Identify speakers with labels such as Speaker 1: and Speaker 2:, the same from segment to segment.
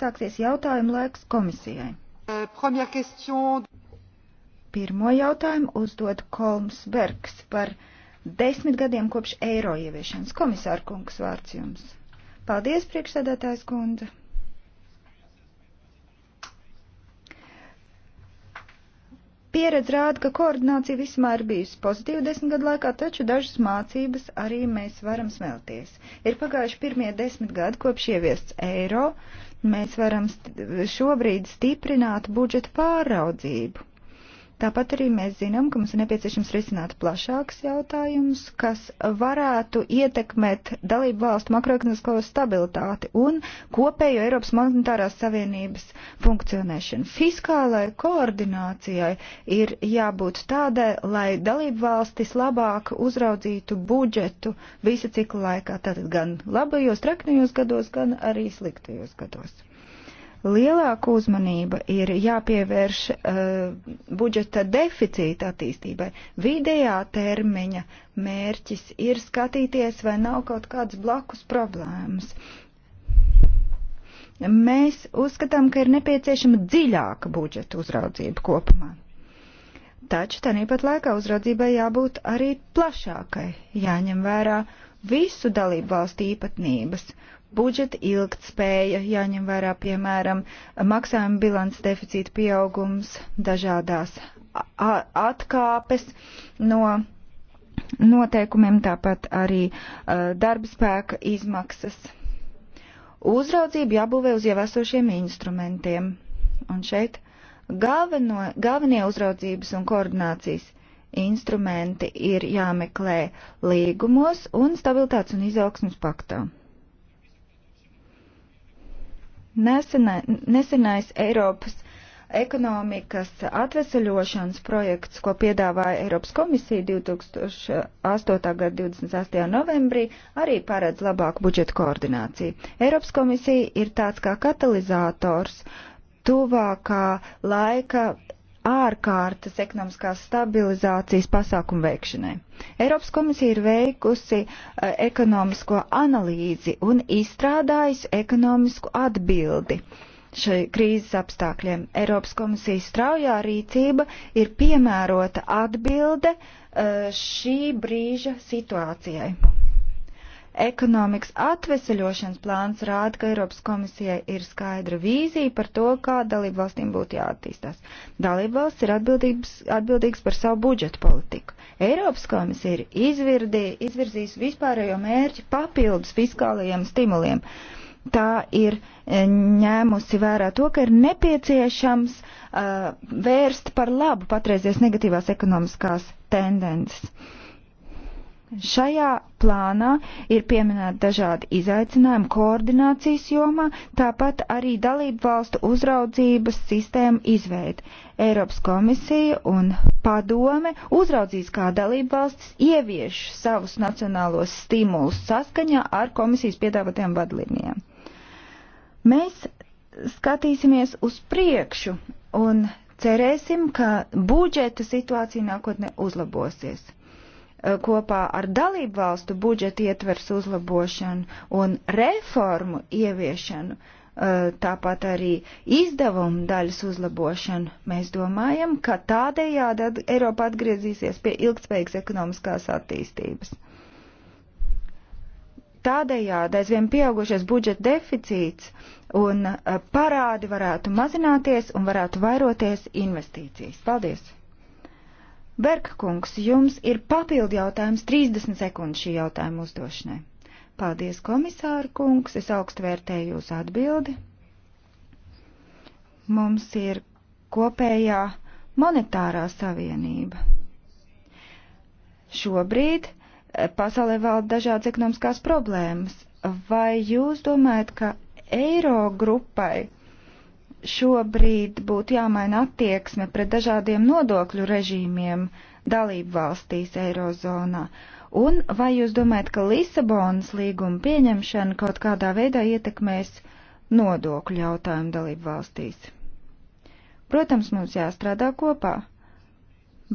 Speaker 1: Sāksies jautājumu laiks komisijai. Euh, Pirmo jautājumu uzdod Kolms Bergs par desmit gadiem kopš eiro ieviešanas. Komisāra kungs vārds jums. Paldies, priekšsēdētājs kundze. Pieredze rāda, ka koordinācija vismēr bijusi pozitīva desmit gadu laikā, taču dažas mācības arī mēs varam smelties. Ir pagājuši pirmie desmit gadi, kopš ieviests eiro, Mēs varam st šobrīd stiprināt budžeta pāraudzību. Tāpat arī mēs zinām, ka mums ir nepieciešams risināt plašāks jautājums, kas varētu ietekmēt dalību valstu makroekonomisko stabilitāti un kopējo Eiropas monetārās savienības funkcionēšanu. Fiskālai koordinācijai ir jābūt tādai, lai dalību valstis labāk uzraudzītu budžetu visa cikla laikā, tātad gan labajos, traknajos gados, gan arī sliktajos gados. Lielāka uzmanība ir jāpievērš uh, budžeta deficīta attīstībai. Vidējā termiņa mērķis ir skatīties, vai nav kaut kādas blakus problēmas. Mēs uzskatām, ka ir nepieciešama dziļāka budžeta uzraudzība kopumā. Taču tāpat laikā uzraudzībai jābūt arī plašākai, jāņem vērā visu dalību valstu īpatnības budžeta ilgtspēja, jāņem vērā, piemēram, maksājuma bilants deficīta pieaugums, dažādās atkāpes no noteikumiem, tāpat arī uh, darba spēka izmaksas. Uzraudzību jābūvē uz jau esošiem instrumentiem. Un šeit galveno, galvenie uzraudzības un koordinācijas instrumenti ir jāmeklē līgumos un stabilitātes un izaugsmas paktā. Nesenai, nesenais Eiropas ekonomikas atvesaļošanas projekts, ko piedāvāja Eiropas komisija 2008. gada 28. novembrī, arī paredz labāku budžetu koordināciju. Eiropas komisija ir tāds kā katalizators tuvākā laika ārkārtas ekonomiskās stabilizācijas pasākumu veikšanai. Eiropas komisija ir veikusi e, ekonomisko analīzi un izstrādājusi ekonomisku atbildi šai krīzes apstākļiem. Eiropas komisijas straujā rīcība ir piemērota atbilde e, šī brīža situācijai. Ekonomikas atveseļošanas plāns rāda, ka Eiropas komisijai ir skaidra vīzija par to, kā dalību valstīm būtu jāattīstās. Dalību valsts ir atbildīgas par savu budžetu politiku. Eiropas komisija ir izvirdī, izvirzījusi vispārējo mērķi papildus fiskālajiem stimuliem tā ir e, ņēmusi vērā to, ka ir nepieciešams uh, vērst par labu patreizies negatīvās ekonomiskās tendences. Šajā plānā ir pieminēti dažādi izaicinājumi koordinācijas jomā, tāpat arī dalību valstu uzraudzības sistēma izveida. Eiropas komisija un padome uzraudzīs, kā dalību valstis ievieš savus nacionālos stimulus saskaņā ar komisijas piedāvātajām vadlīnijām. Mēs skatīsimies uz priekšu un cerēsim, ka budžeta situācija nākotnē uzlabosies. Eh, kopā ar dalību valstu budžeta ietvers uzlabošanu un reformu ieviešanu, eh, tāpat arī izdevumu daļas uzlabošanu, mēs domājam, ka tādējādi Eiropa atgriezīsies pie ilgspējīgas ekonomiskās attīstības. Tādējādi aizvien pieaugušais budžeta deficīts un eh, parādi varētu mazināties un varētu vairoties investīcijas. Paldies! Bergkungs, jums ir papildu jautājums 30 sekundes šī jautājuma uzdošanai. Paldies, komisāra kungs, es augstu vērtēju jūsu atbildi. Mums ir kopējā monetārā savienība. Šobrīd eh, pasaulē valda dažādas ekonomiskās problēmas. Vai jūs domājat, ka eiro grupai šobrīd būtu jāmaina attieksme pret dažādiem nodokļu režīmiem dalību valstīs Eirozonā? Un vai jūs domājat, ka Lisabonas līguma pieņemšana kaut kādā veidā ietekmēs nodokļu jautājumu dalību valstīs? Protams, mums jāstrādā kopā,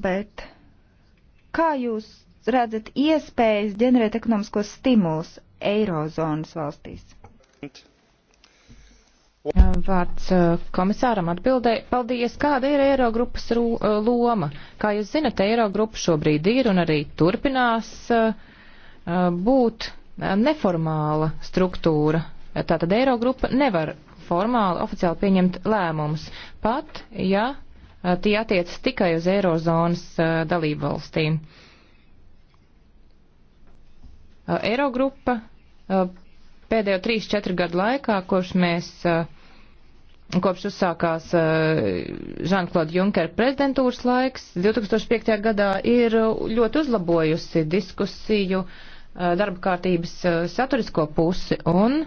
Speaker 1: bet kā jūs redzat iespējas ģenerēt ekonomiskos stimulus Eirozonas valstīs?
Speaker 2: Vārds uh, komisāram atbildēja. Paldies, kāda ir Eirogrupas uh, loma? Kā jūs zinat, Eirogrupa šobrīd ir un arī turpinās uh, būt neformāla struktūra. Tātad Eirogrupa nevar formāli, oficiāli pieņemt lēmumus, pat ja tie attiec tikai uz Eirozonas dalību valstīm. Eirogrupa pēdējo 3-4 gadu laikā, kurš mēs uh, kopš uzsākās Žanklauda eh, Junkera prezidentūras laiks, 2005. gadā ir ļoti uzlabojusi diskusiju eh, darba kārtības eh, saturisko pusi un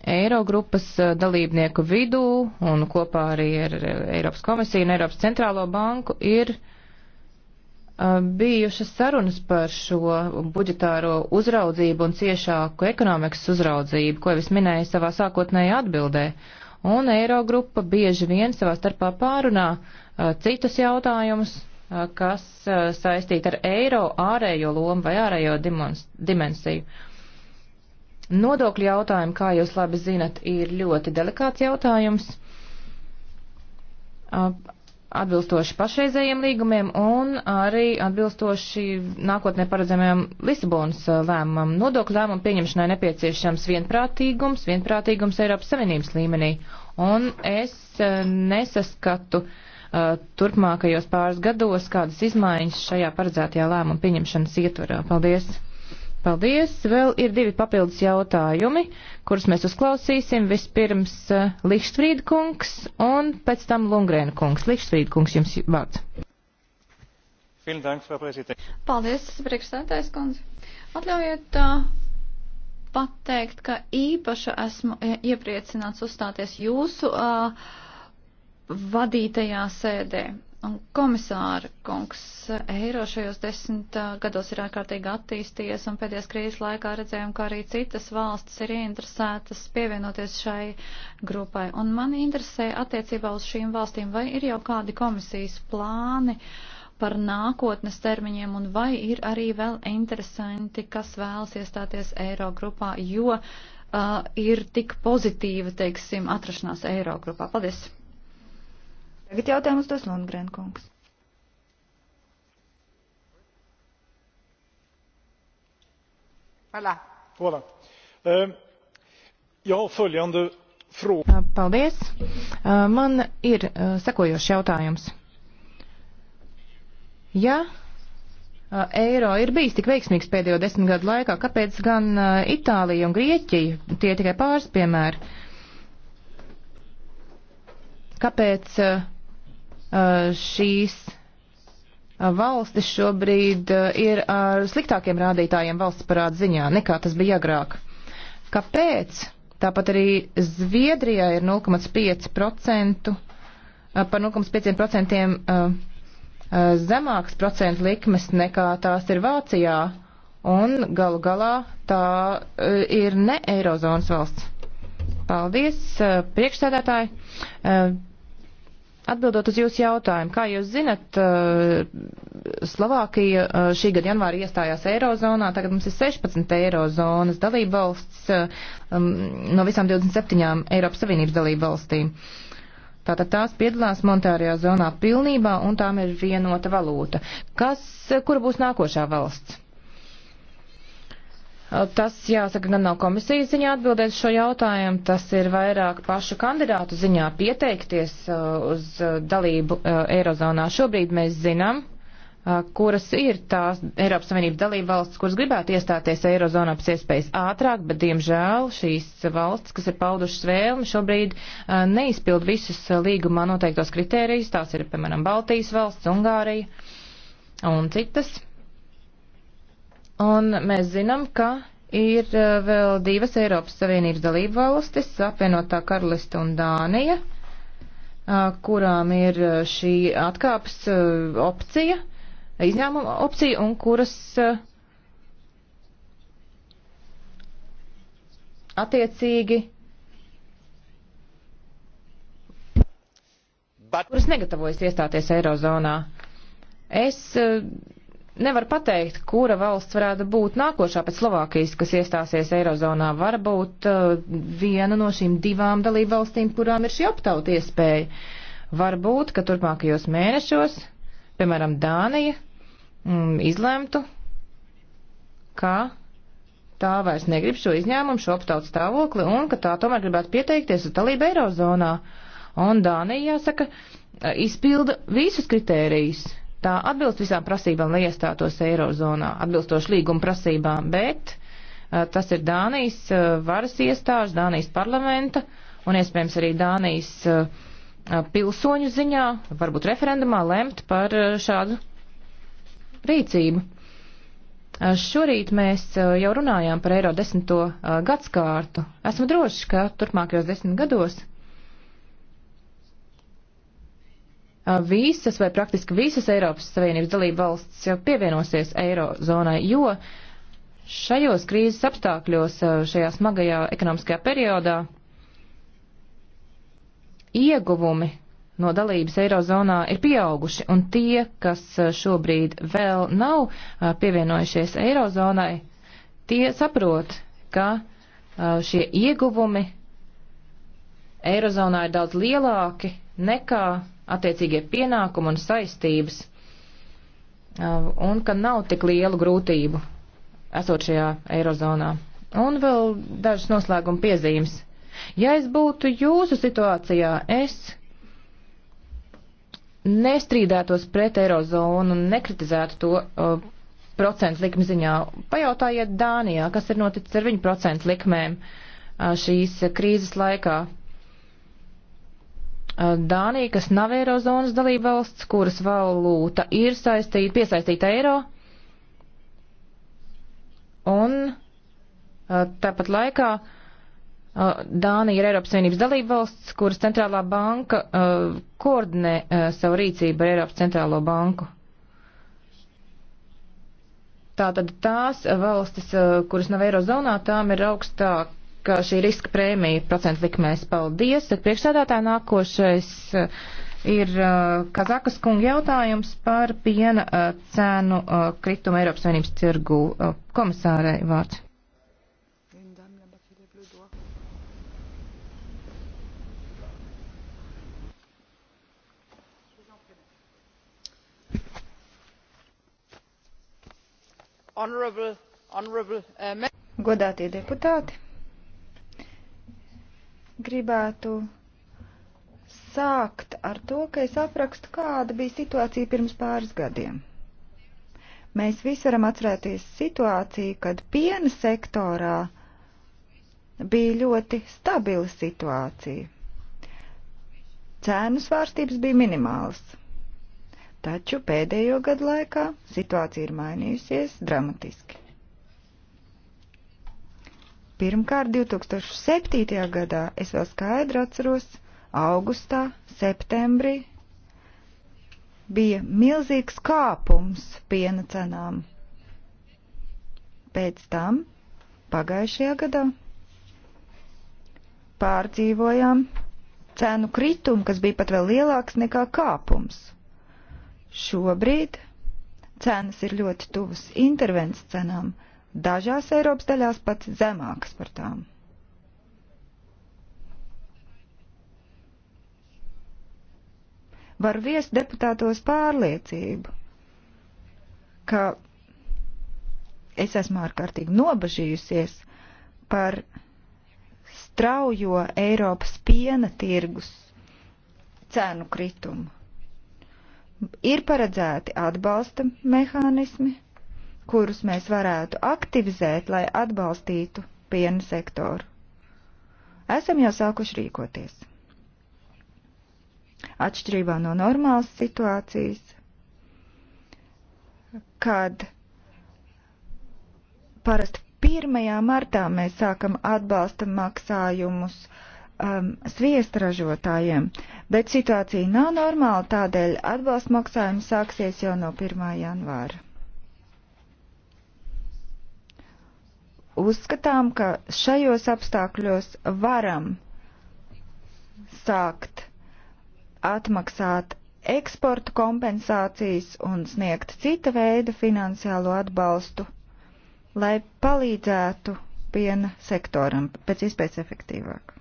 Speaker 2: Eirogrupas dalībnieku vidū un kopā arī ar Eiropas komisiju un Eiropas centrālo banku ir bijušas sarunas par šo budžetāro uzraudzību un ciešāku ekonomikas uzraudzību, ko es minēju savā sākotnējā atbildē. Uh, un Eirogrupa bieži vien savā starpā pārunā uh, citus jautājumus, uh, kas uh, saistīti ar eiro ārējo lomu vai ārējo dimensiju. Nodokļu jautājumi, kā jūs labi zinat, ir ļoti delikāts jautājums atbilstoši pašreizējiem līgumiem un arī atbilstoši nākotnē paredzamajam Lisabonas uh, lēmumam. Nodokļu lēmumu pieņemšanai nepieciešams vienprātīgums, vienprātīgums Eiropas Savienības līmenī. Un es uh, nesaskatu uh, turpmākajos pāris gados kādas izmaiņas šajā paredzētajā lēmuma pieņemšanas ietvarā. Paldies! Paldies. Vēl ir divi papildus jautājumi, kurus mēs uzklausīsim. Vispirms uh, eh, Lišsfrīd kungs un pēc tam Lungrēna kungs. Lišsfrīd kungs, jums vārds.
Speaker 3: Paldies, priekšstādājs kundze. Atļaujiet uh, pateikt, ka īpaši esmu eh, iepriecināts uzstāties jūsu uh, vadītajā sēdē. Un komisāra kungs, eiro šajos desmit gados ir ārkārtīgi attīstījies, un pēdējās krīzes laikā redzējām, ka arī citas valstis ir ieinteresētas pievienoties šai grupai. Un mani interesē attiecībā uz šīm valstīm, vai ir jau kādi komisijas plāni par nākotnes termiņiem, un vai ir arī vēl interesanti, kas vēlas iestāties eiro grupā, jo uh, ir tik pozitīva, teiksim, atrašanās eiro grupā. Paldies!
Speaker 1: Tagad jautājums dos Lundgren kungs.
Speaker 2: Voilà. Voilà. Uh, jag har följande fråga. Eh, paldies. Uh, man ir uh, sekojošs jautājums. Ja eiro ir bijis tik veiksmīgs pēdējo desmit gadu laikā, kāpēc gan Itālija un Grieķija, tie tikai pāris piemēri, kāpēc uh, Eh, šīs eh, valstis šobrīd eh, ir ar sliktākiem rādītājiem valsts parāda ziņā nekā tas bija agrāk. Kāpēc? Tāpat arī Zviedrijā ir 0,5% par 0,5% zemāks procentu likmes nekā tās ir Vācijā, un galu galā tā ir ne Eirozonas valsts. Paldies, priekšsēdētāji. Atbildot uz jūsu jautājumu, kā jūs zinat, uh, Slovākija uh, šī gada janvāri iestājās Eirozonā, tagad mums ir 16 Eirozonas dalībvalsts uh, um, no visām 27 Eiropas Savienības dalībvalstīm. Tātad tās piedalās monetārajā zonā pilnībā un tām ir vienota valūta. Kas, kura būs nākošā valsts? Tas, jāsaka, gan nav komisijas ziņā atbildēt šo jautājumu, tas ir vairāk pašu kandidātu ziņā pieteikties uz dalību Eirozonā. Šobrīd mēs zinām, kuras ir tās Eiropas Savienības dalība valsts, kuras gribētu iestāties Eirozonā pēc iespējas ātrāk, bet, diemžēl, šīs valsts, kas ir paudušas vēlmi, šobrīd neizpild visus līgumā noteiktos kritērijus. Tās ir, piemēram, Baltijas valsts, Ungārija un citas. Un mēs zinām, ka ir eh, vēl divas Eiropas Savienības dalību valstis - apvienotā karaliste un Dānija, eh, kurām ir eh, šī atkāpes opcija, izņēmuma opcija, un kuras attiecīgi. kuras negatavojas iestāties Eirozonā. Es uh, nevar pateikt, kura valsts varētu būt nākošā pēc Slovākijas, kas iestāsies Eirozonā. Varbūt uh, viena no šīm divām dalību valstīm, kurām ir šī optauta iespēja. Varbūt, ka turpmākajos mēnešos, piemēram, Dānija mm, izlemtu, ka tā vairs negrib šo izņēmumu, šo optautu stāvokli un ka tā tomēr gribētu pieteikties uz dalību Eirozonā. Un Dānija, jāsaka, izpilda visus kritērijus tā atbilst visām prasībām, lai iestātos Eirozonā, atbilstoši līguma prasībām, bet tas ir Dānijas varas iestāžu, Dānijas parlamenta un iespējams arī Dānijas pilsoņu ziņā, varbūt referendumā lemt par šādu rīcību. Šorīt mēs jau runājām par eiro desmito gadskārtu. Esmu drošs, ka turpmākajos desmit gados visas vai praktiski visas Eiropas Savienības dalība valsts jau pievienosies eirozonai, jo šajos krīzes apstākļos, šajā smagajā ekonomiskajā periodā ieguvumi no dalības eirozonā ir pieauguši, un tie, kas šobrīd vēl nav pievienojušies eirozonai, tie saprot, ka šie ieguvumi eirozonā ir daudz lielāki nekā attiecīgie pienākumi un saistības, uh, un ka nav tik lielu grūtību esot šajā eirozonā. Un vēl dažas noslēguma piezīmes. Ja es būtu jūsu situācijā, es nestrīdētos pret eirozonu un nekritizētu to uh, procentu likmi ziņā. Pajautājiet Dānijā, kas ir noticis ar viņu procentu likmēm uh, šīs krīzes laikā. Dānija, kas nav Eirozonas dalībvalsts, kuras valūta ir saistīta, piesaistīta eiro, un tāpat laikā Dānija ir Eiropas Savienības dalībvalsts, kuras centrālā banka uh, koordinē uh, savu rīcību ar Eiropas centrālo banku. Tātad tās valstis, uh, kuras nav Eirozonā, tām ir augstāk ka šī riska prēmija procentu likmēs paldies. Tad priekšsēdētāji nākošais eh, ir eh, Kazakas kunga jautājums par piena eh, cēnu kritumu Eiropas Savienības tirgu komisārai vārds.
Speaker 3: Honorable, honorable, uh,
Speaker 1: Godātie deputāti! Gribētu sākt ar to, ka es aprakstu, kāda bija situācija pirms pāris gadiem. Mēs visi varam atcerēties situāciju, kad piena sektorā bija ļoti stabila situācija. Cēnu svārstības bija minimālas. Taču pēdējo gadu laikā situācija ir mainījusies dramatiski. Pirmkārt, 2007. gadā es vēl skaidri atceros, augustā, septembrī bija milzīgs kāpums piena cenām. Pēc tam pagājušajā gadā pārdzīvojām cenu kritumu, kas bija pat vēl lielāks nekā kāpums. Šobrīd cenas ir ļoti tuvas intervences cenām, dažās Eiropas daļās pat zemākas par tām. Var viest deputātos pārliecību, ka es esmu ārkārtīgi nobažījusies par straujo Eiropas piena tirgus cēnu kritumu. Ir paredzēti atbalsta mehānismi, kurus mēs varētu aktivizēt, lai atbalstītu piena sektoru. Esam jau sākuši rīkoties. Atšķirībā no normālas situācijas, kad parasti 1. martā mēs sākam atbalsta maksājumus um, sviestaražotājiem, bet situācija nav normāla, tādēļ atbalsta maksājumi sāksies jau no 1. janvāra. uzskatām, ka šajos apstākļos varam sākt atmaksāt eksporta kompensācijas un sniegt cita veida finansiālo atbalstu, lai palīdzētu piena sektoram pēc iespējas efektīvāk.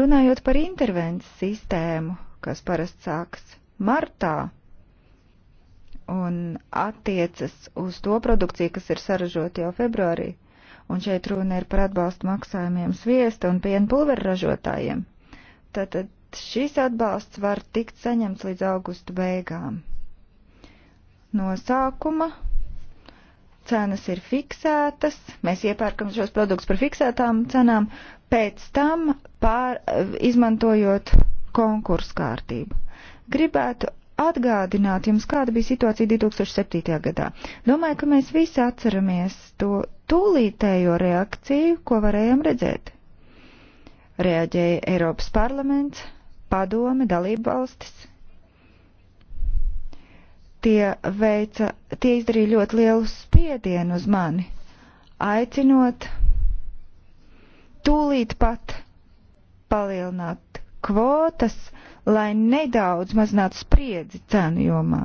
Speaker 1: Runājot par intervences sistēmu, kas parasti sāks martā, un attiecas uz to produkciju, kas ir saražota jau februārī. Un šeit runa ir par atbalstu maksājumiem sviesta un piena pulveru ražotājiem. Tātad šis atbalsts var tikt saņemts līdz augustu beigām. No sākuma cenas ir fiksētas, mēs iepērkam šos produktus par fiksētām cenām, pēc tam pār, izmantojot konkursu kārtību. Gribētu atgādināt jums, kāda bija situācija 2007. gadā. Domāju, ka mēs visi atceramies to tūlītējo reakciju, ko varējām redzēt. Reaģēja Eiropas parlaments, padome, dalība valstis. Tie, veica, tie izdarīja ļoti lielu spiedienu uz mani, aicinot tūlīt pat palielināt kvotas, uh, lai nedaudz mazinātu spriedzi cenu jomā.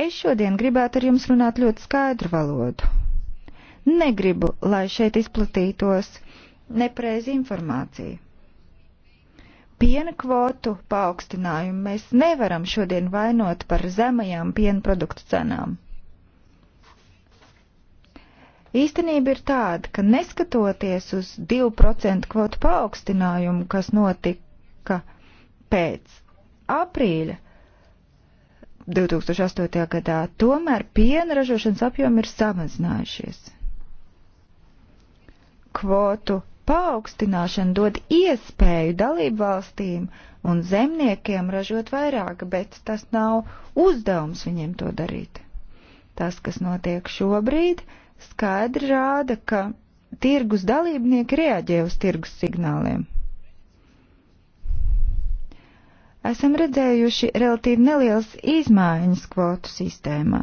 Speaker 1: Es šodien gribētu ar jums runāt ļoti skaidru valodu. Negribu, lai šeit izplatītos nepreiz informācija. Piena kvotu paaugstinājumu mēs nevaram šodien vainot par zemajām piena produktu cenām. Īstenība ir tāda, ka neskatoties uz 2% kvotu paaugstinājumu, kas notika ka pēc aprīļa 2008. gadā tomēr piena ražošanas apjomi ir samazinājušies. Kvotu paaugstināšana dod iespēju dalību valstīm un zemniekiem ražot vairāk, bet tas nav uzdevums viņiem to darīt. Tas, kas notiek šobrīd, skaidri rāda, ka tirgus dalībnieki reaģē uz tirgus signāliem. esam redzējuši relatīvi nelielas izmaiņas kvotu sistēmā.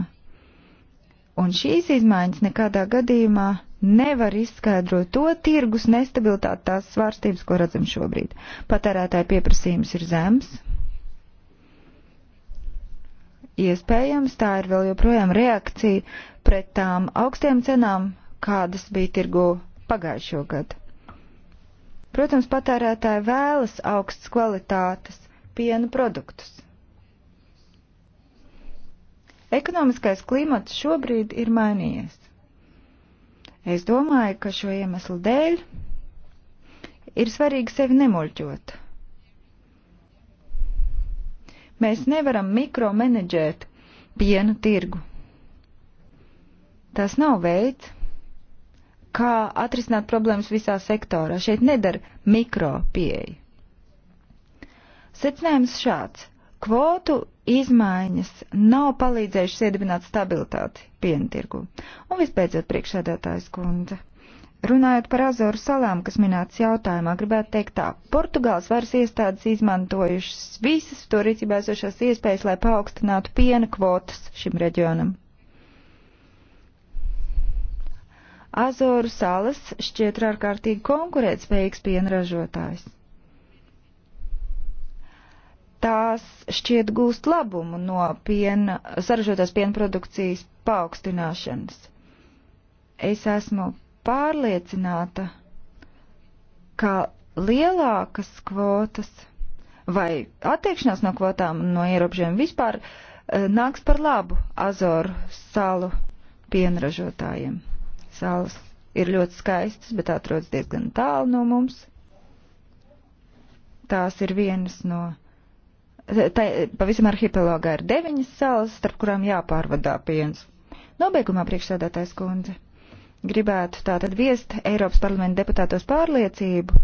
Speaker 1: Un šīs izmaiņas nekādā gadījumā nevar izskaidrot to tirgus nestabilitāti, tās svārstības, ko redzam šobrīd. Patērētāja pieprasījums ir zems. Iespējams, tā ir vēl joprojām reakcija pret tām augstiem cenām, kādas bija tirgu pagājušo gadu. Protams, patērētāji vēlas augstas kvalitātes piena produktus. Ekonomiskais klimats šobrīd ir mainījies. Es domāju, ka šo iemeslu dēļ ir svarīgi sevi nemuļķot. Mēs nevaram mikromenedžēt piena tirgu. Tas nav veids, kā atrisināt problēmas visā sektorā. Šeit nedara mikro pieeja. Secinājums šāds. Kvotu izmaiņas nav palīdzējušas iedibināt stabilitāti piena tirgu. Un vispēcot priekšēdētājs kundze. Runājot par Azoru salām, kas minētas jautājumā, gribētu teikt tā. Portugāles varas iestādes izmantojušas visas to rīcībā esošās iespējas, lai paaugstinātu piena kvotas šim reģionam. Azoru salas šķiet ārkārtīgi konkurētspējīgs piena ražotājs tās šķiet gūst labumu no piena, saražotās piena produkcijas paaugstināšanas. Es esmu pārliecināta, ka lielākas kvotas vai attiekšanās no kvotām no ierobežiem vispār e, nāks par labu Azoru salu pienražotājiem. Salas ir ļoti skaistas, bet atrodas diezgan tālu no mums. Tās ir vienas no tai, pavisam arhipelāgā ir deviņas salas, starp kurām jāpārvadā piens. Nobeigumā priekšsēdētājs kundze gribētu tātad viest Eiropas parlamenta deputātos pārliecību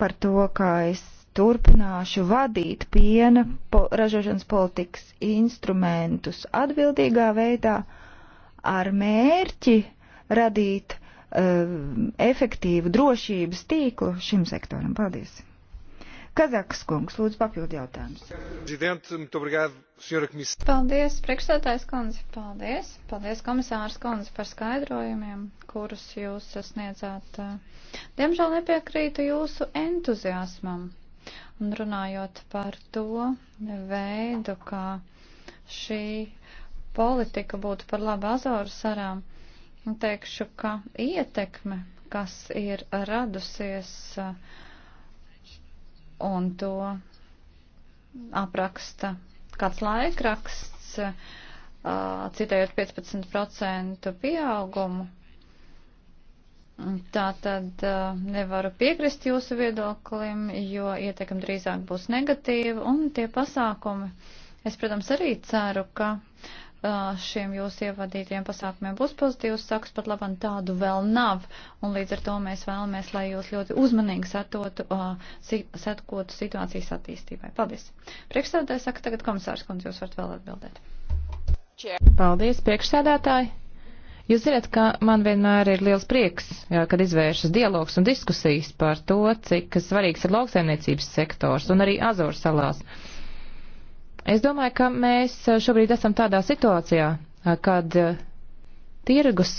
Speaker 1: par to, kā es turpināšu vadīt piena po ražošanas politikas instrumentus atbildīgā veidā ar mērķi radīt uh, efektīvu drošības tīklu šim sektoram. Paldies! Kazakas kungs, lūdzu papildu jautājumus.
Speaker 3: Paldies, priekšsētājs kundze, paldies. Paldies, komisārs kundze, par skaidrojumiem, kurus jūs sasniedzāt. Diemžēl nepiekrītu jūsu entuziasmam. Un runājot par to veidu, kā šī politika būtu par labu Azoru sarām, teikšu, ka ietekme, kas ir radusies uh, un to apraksta kāds laikraksts, citējot 15% pieaugumu. Tā tad nevaru piekrist jūsu viedoklim, jo ietekme drīzāk būs negatīva un tie pasākumi. Es, protams, arī ceru, ka šiem jūsu ievadītiem pasākumiem būs pozitīvs saks, pat labam tādu vēl nav. Un līdz ar to mēs vēlamies, lai jūs ļoti uzmanīgi satotu, sekotu situācijas attīstībai. Paldies. Priekšsēdētāji saka, tagad komisārs kundze, jūs varat vēl atbildēt.
Speaker 2: Paldies, priekšsēdētāji. Jūs zināt, ka man vienmēr ir liels prieks, kad izvēršas dialogs un diskusijas par to, cik svarīgs ir lauksaimniecības sektors un arī Azoru salās. Uh, Es domāju, ka mēs šobrīd esam tādā situācijā, kad tirgus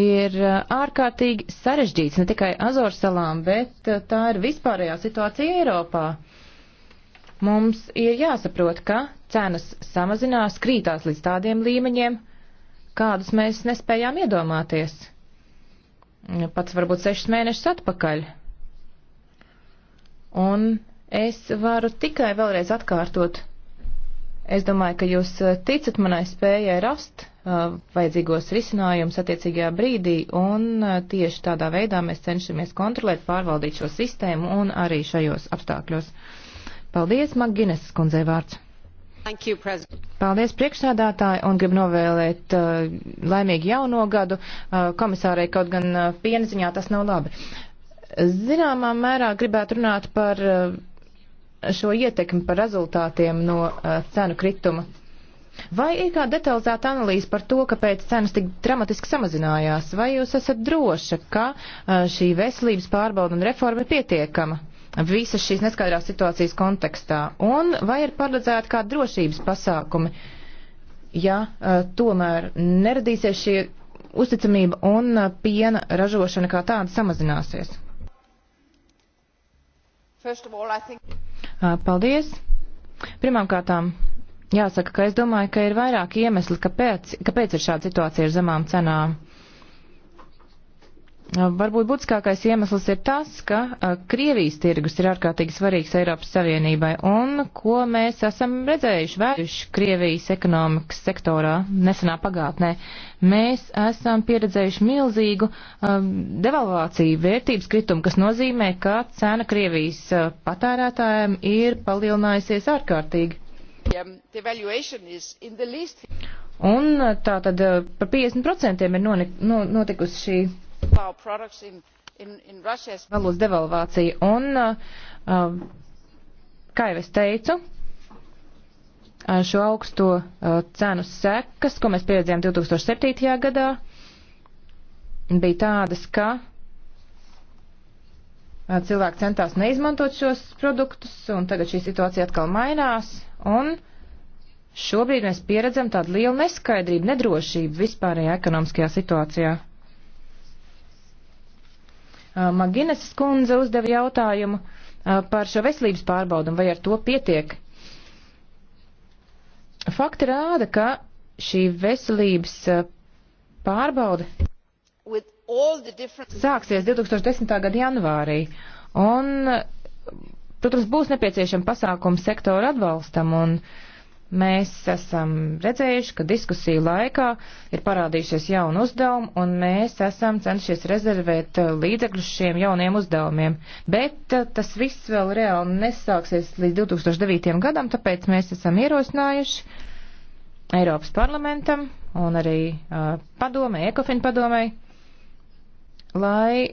Speaker 2: ir ārkārtīgi sarežģīts ne tikai Azorsalām, bet tā ir vispārējā situācija Eiropā. Mums ir jāsaprot, ka cenas samazinās, krītās līdz tādiem līmeņiem, kādus mēs nespējām iedomāties. Pats varbūt sešas mēnešus atpakaļ. Un Es varu tikai vēlreiz atkārtot. Es domāju, ka jūs eh, ticat manai spējai rast uh, vajadzīgos risinājumus attiecīgajā brīdī, un uh, tieši tādā veidā mēs cenšamies kontrolēt, pārvaldīt šo sistēmu un arī šajos apstākļos. Paldies, Magines skundzei vārds. Thank you, President. Paldies priekšsādātāji un gribu novēlēt uh, laimīgu jauno gadu uh, komisārai, kaut gan uh, pienziņā tas nav labi. Zināmā mērā gribētu runāt par. Uh, šo ietekmi par rezultātiem no uh, cenu krituma? Vai ir kāda detalizēta analīze par to, kāpēc cenas tik dramatiski samazinājās? Vai jūs esat droša, ka uh, šī veselības pārbauda un reforma ir pietiekama? visas šīs neskaidrās situācijas kontekstā? Un vai ir paredzēti kādi drošības pasākumi, ja uh, tomēr neradīsies šī uzticamība un uh, piena ražošana kā tāda samazināsies? All, think... Paldies! Pirmkārtām, jāsaka, ka es domāju, ka ir vairāk iemesli, kāpēc, kāpēc ir šāda situācija ar zemām cenām. Varbūt būtiskākais iemesls ir tas, ka Krievijas tirgus ir ārkārtīgi svarīgs Eiropas Savienībai un ko mēs esam redzējuši vēruši Krievijas ekonomikas sektorā nesenā pagātnē. Mēs esam pieredzējuši milzīgu um, devalvāciju vērtības kritumu, kas nozīmē, ka cena Krievijas uh, patērētājiem ir palielinājusies ārkārtīgi.
Speaker 3: Um,
Speaker 2: un tā tad par 50% ir nonik, no, notikusi šī
Speaker 3: valūtas
Speaker 2: devalvācija. Un, uh, uh, kā jau es teicu, uh, šo augsto uh, cenu sekas, ko mēs pieredzējām 2007. gadā, bija tādas, ka uh, cilvēki centās neizmantot šos produktus, un tagad šī situācija atkal mainās, un šobrīd mēs pieredzam tādu lielu neskaidrību, nedrošību vispārējā ekonomiskajā situācijā. Uh, Maginas skundze uzdeva jautājumu uh, par šo veselības pārbaudumu, vai ar to pietiek. Fakti rāda, ka šī veselības uh, pārbaude sāksies 2010. gada janvārī. Un, protams, būs nepieciešama pasākuma sektora atbalstam, un uh, Mēs esam redzējuši, ka diskusiju laikā ir parādījušies jauni uzdevumi, un mēs esam cenšies rezervēt uh, līdzekļus šiem jauniem uzdevumiem. Bet uh, tas viss vēl reāli nesāksies līdz 2009. gadam, tāpēc mēs esam ierosinājuši Eiropas parlamentam un arī uh, padomē, Ekofin padomē, lai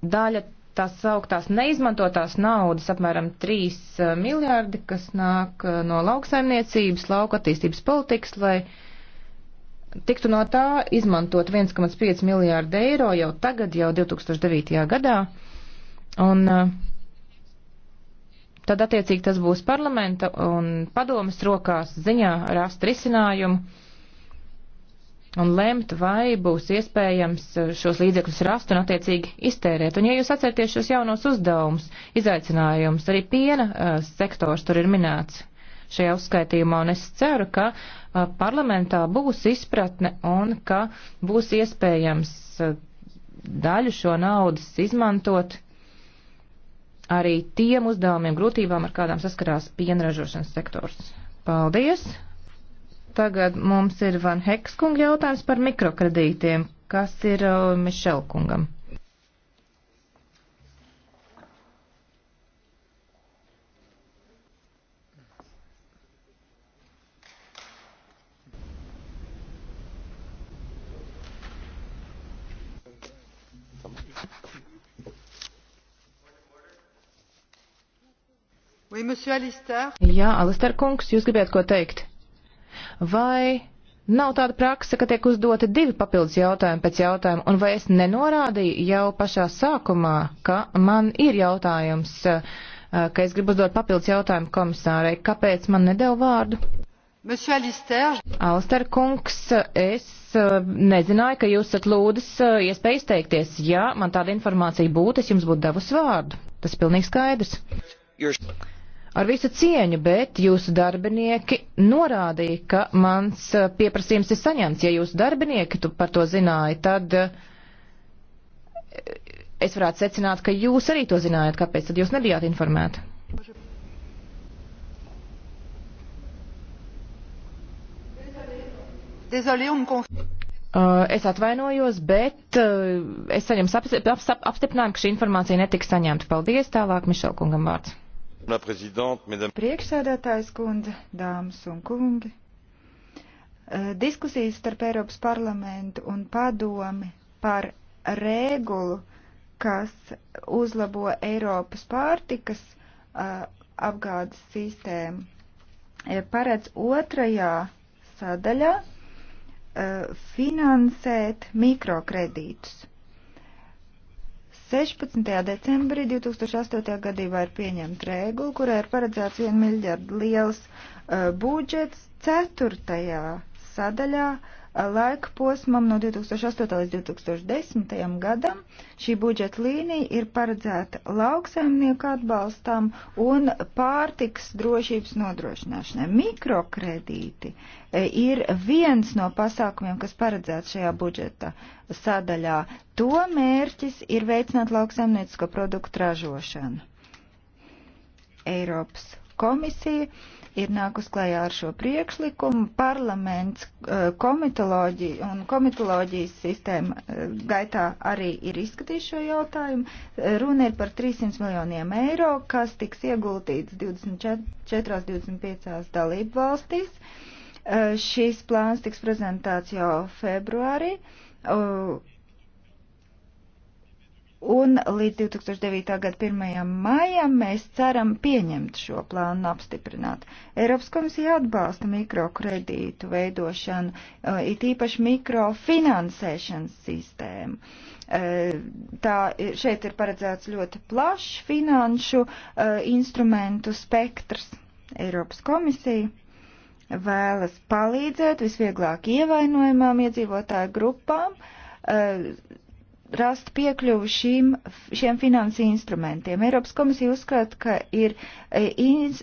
Speaker 2: daļa tās augtās neizmantotās naudas apmēram 3 eh, miljārdi, kas nāk eh, no lauksaimniecības, lauka attīstības politikas, lai tiktu no tā izmantot 1,5 miljārdi eiro jau tagad, jau 2009. gadā. Un eh, tad attiecīgi tas būs parlamenta un padomas rokās ziņā rast risinājumu un lemt, vai būs iespējams šos līdzekļus rast un attiecīgi iztērēt. Un ja jūs atcerieties šos jaunos uzdevumus, izaicinājumus, arī piena uh, sektors tur ir minēts šajā uzskaitījumā, un es ceru, ka uh, parlamentā būs izpratne un ka būs iespējams uh, daļu šo naudas izmantot arī tiem uzdevumiem, grūtībām, ar kādām saskarās pienražošanas sektors. Paldies! tagad mums ir Van Hekskunga jautājums par mikrokredītiem, kas ir uh, Mišelkungam. Jā, Alister kungs, jūs gribētu ko teikt? Vai nav tāda praksa, ka tiek uzdoti divi papildus jautājumi pēc jautājuma, un vai es nenorādīju jau pašā sākumā, ka man ir jautājums, eh, ka es gribu uzdot papildus jautājumu komisārai, kāpēc man nedēļ vārdu? Alster kungs, es eh, nezināju, ka jūs esat lūdis eh, iespēju izteikties. Ja man tāda informācija būtu, es jums būtu devusi vārdu. Tas pilnīgi skaidrs. You're... Ar visu cieņu, bet jūsu darbinieki norādīja, ka mans eh, pieprasījums ir saņemts. Ja jūsu darbinieki par to zināja, tad eh, es varētu secināt, ka jūs arī to zinājāt. Kāpēc tad jūs nebijāt informēti? Eh, es atvainojos, bet es saņemu apstiprinājumu, ka šī informācija netiks saņemta. Paldies, tālāk Mišelkungam vārds.
Speaker 1: Priekšsēdētājs kundze, dāmas un kungi, eh, diskusijas starp Eiropas parlamentu un padomi par regulu, kas uzlabo Eiropas pārtikas eh, apgādes sistēmu, eh, paredz otrajā sadaļā finansēt mikrokredītus. 16. decembrī 2008. gadībā ir pieņemta regula, kurā ir paredzēts 1 miljardu liels uh, budžets 4. sadaļā uh, laika posmam no 2008. līdz 2010. gadam. Šī budžeta līnija ir paredzēta lauksaimnieku atbalstam un pārtiks drošības nodrošināšanai. Mikrokredīti e, ir viens no pasākumiem, kas paredzēts šajā budžeta sadaļā. To mērķis ir veicināt lauksaimniecisko produktu ražošanu. Eiropas komisija ir nākus klajā ar šo priekšlikumu. Parlaments eh, komitoloģi un komitoloģijas sistēma eh, gaitā arī ir izskatījis šo jautājumu. Eh, runa ir par 300 miljoniem eiro, kas tiks ieguldīts 24-25 dalību valstīs. Šīs plāns tiks prezentēts jau februārī Un līdz 2009. gada 1. maijam mēs ceram pieņemt šo plānu un apstiprināt. Eiropas komisija atbalsta mikrokredītu veidošanu, uh, it īpaši mikrofinansēšanas sistēmu. Uh, tā šeit ir paredzēts ļoti plašs finanšu uh, instrumentu spektrs. Eiropas komisija vēlas palīdzēt visvieglāk ievainojumām iedzīvotāju grupām rast piekļuvu šīm, šiem finansu instrumentiem. Eiropas komisija uzskata, ka ir e, ins,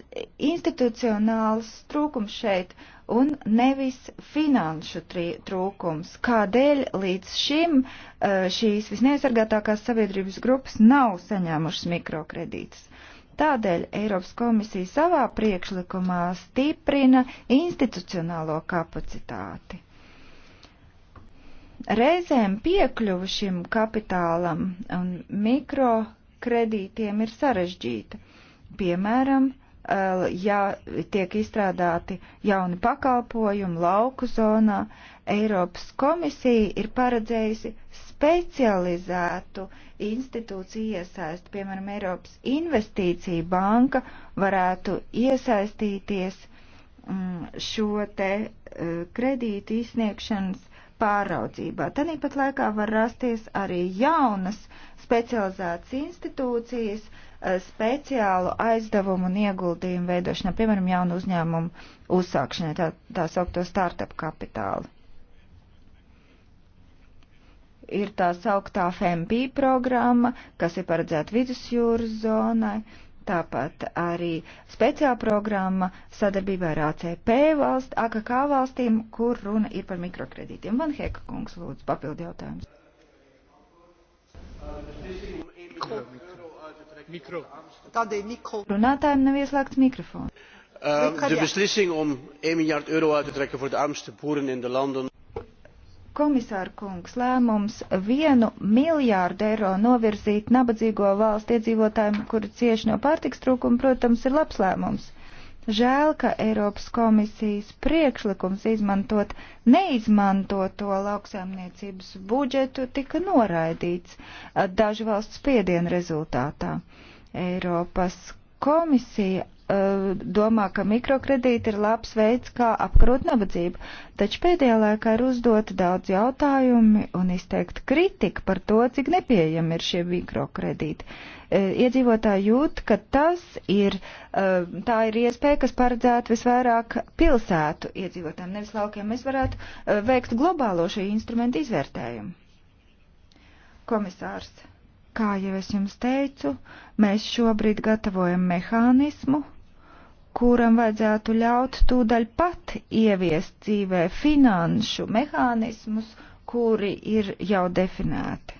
Speaker 1: institucionāls trūkums šeit un nevis finanšu trūkums. Kādēļ līdz šim e, šīs visneaizsargātākās sabiedrības grupas nav saņēmušas mikrokredītas? Tādēļ Eiropas komisija savā priekšlikumā stiprina institucionālo kapacitāti. Reizēm piekļuva šim kapitālam un mikrokredītiem ir sarežģīta. Piemēram, eh, ja tiek izstrādāti jauni pakalpojumi lauku zonā, Eiropas komisija ir paredzējusi specializētu institūciju iesaist. Piemēram, Eiropas investīcija banka varētu iesaistīties mm, šo te eh, kredītu izsniegšanas pāraudzībā. Tāpat laikā var rasties arī jaunas specializētas institūcijas eh, speciālu aizdevumu un ieguldījumu veidošanā, piemēram, jaunu uzņēmumu uzsākšanai, tā, tā saukto startup kapitālu ir tā sauktā FMP programma, kas ir paredzēta vidusjūras zonai tāpat arī speciāla programma sadarbībā ar ACP valstu, AKK valstīm, kur runa ir par mikrokredītiem. Van Heka kungs, lūdzu, papildi jautājums.
Speaker 3: Mikro. Mikro. Tādēļ mikro.
Speaker 1: Runātājiem nav ieslēgts mikrofons.
Speaker 3: Uh, de beslissing om 1 miljard euro uit te trekken voor de armste boeren in de landen.
Speaker 1: Komisāra kungs lēmums vienu miljārdu eiro novirzīt nabadzīgo valstu iedzīvotājiem, kuri cieši no pārtiks trūkuma, protams, ir labs lēmums. Žēl, ka Eiropas komisijas priekšlikums izmantot neizmantoto lauksēmniecības budžetu tika noraidīts dažu valstu spiedienu rezultātā. Eiropas komisija Eh, domā, ka mikrokredīti ir labs veids, kā apkarot nabadzību, taču pēdējā laikā ir uzdoti daudz jautājumi un izteikta kritika par to, cik nepieejami ir šie mikrokredīti. Eh, iedzīvotāji jūt, ka tas ir, eh, tā ir iespēja, kas paredzēta visvairāk pilsētu iedzīvotājiem, nevis laukiem. Mēs varētu veikt globālo šī instrumenta izvērtējumu. Komisārs. Kā jau es jums teicu, mēs šobrīd gatavojam mehānismu, kuram vajadzētu ļaut tūdaļ pat ieviest dzīvē finanšu mehānismus, kuri ir jau definēti.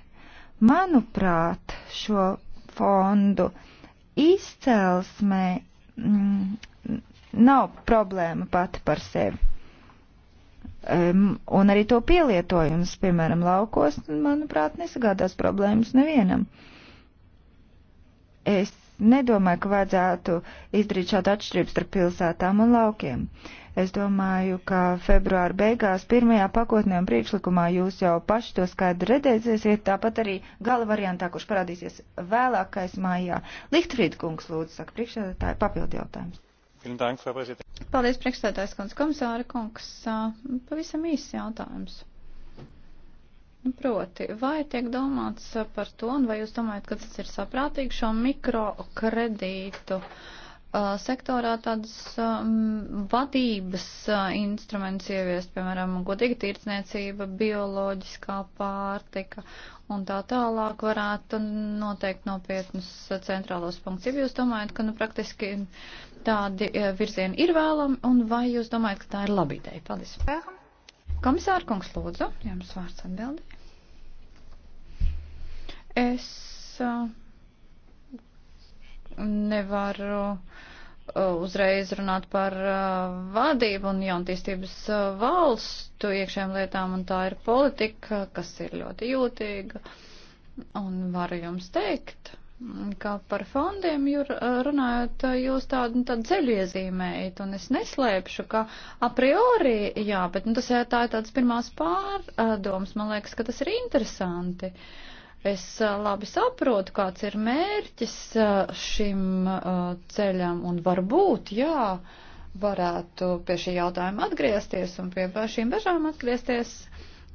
Speaker 1: Manuprāt, šo fondu izcelsmē mm, nav problēma pati par sevi. Um, un arī to pielietojums, piemēram, laukos, manuprāt, nesagādās problēmas nevienam. Es nedomāju, ka vajadzētu izdarīt šādu atšķirību starp pilsētām un laukiem. Es domāju, ka februāra beigās pirmajā pakotnē un priekšlikumā jūs jau paši to skaidri redzēsiet, tāpat arī gala variantā, kurš parādīsies vēlākais mājā. Lihtfrīd kungs lūdzu, saka priekšsēdētāji, papildu jautājums.
Speaker 3: Paldies, priekšsēdētājs kungs, komisāra kungs. Pavisam īsts jautājums. Nu, proti, vai tiek domāts par to, un vai jūs domājat, ka tas ir saprātīgi šo mikrokredītu uh, sektorā tādas um, vadības uh, instruments ieviest, piemēram, godīga tirdzniecība, bioloģiskā pārtika un tā tālāk varētu noteikt nopietnus uh, centrālos punktus. Ja jūs domājat, ka nu praktiski tādi uh, virzieni ir vēlami, un vai jūs domājat, ka tā ir laba ideja? Paldies. Komisāra kungs, lūdzu, jums vārds atbildēja. Es uh, nevaru uh, uzreiz runāt par uh, vadību un jauntīstības valstu iekšējām lietām, un tā ir politika, kas ir ļoti jūtīga. Un varu jums teikt, kā par fondiem jūr, runājot, jūs tādu, nu, tādu ceļu iezīmējat, un es neslēpšu, ka a priori, jā, bet nu, tas jā, tā ir tāds pirmās pārdoms, man liekas, ka tas ir interesanti. Uh, Es labi saprotu, kāds ir mērķis šim ceļam un varbūt, jā, varētu pie šī jautājuma atgriezties un pie šīm bežām atgriezties,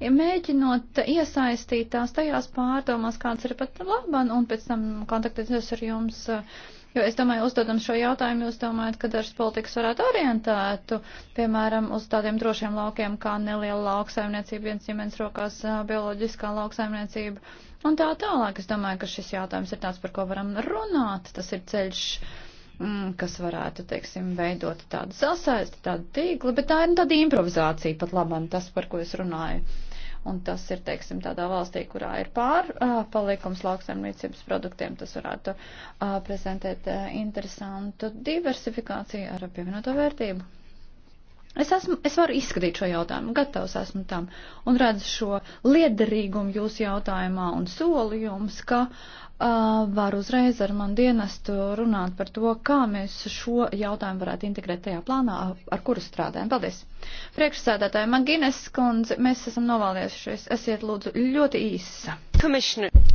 Speaker 3: ja mēģinot iesaistītās tajās pārdomās, kāds ir pat laban, un pēc tam kontaktēties ar jums. Jo es domāju, uzdodam šo jautājumu, jūs domājat, ka dažas politikas varētu orientētu, piemēram, uz tādiem drošiem laukiem kā neliela lauksaimniecība, viens ģimenes rokās bioloģiskā lauksaimniecība un tā tālāk. Es domāju, ka šis jautājums ir tāds, par ko varam runāt. Tas ir ceļš, mm, kas varētu, teiksim, veidot tādu sasaisti, tādu tīklu, bet tā ir tāda improvizācija pat labam, tas, par ko es runāju. Un tas ir, teiksim, tādā valstī, kurā ir pārpalikums lauksaimniecības produktiem, tas varētu prezentēt interesantu diversifikāciju ar pievienoto vērtību. Es, esmu, es varu izskatīt šo jautājumu, gatavs esmu tam, un redzu šo liederīgumu jūsu jautājumā un soli jums, ka uh, var uzreiz ar man dienestu runāt par to, kā mēs šo jautājumu varētu integrēt tajā plānā, ar kuru strādājam. Paldies! Priekšsēdētāji, man Gines kundze, mēs esam novēlējušies, esiet lūdzu ļoti īsa.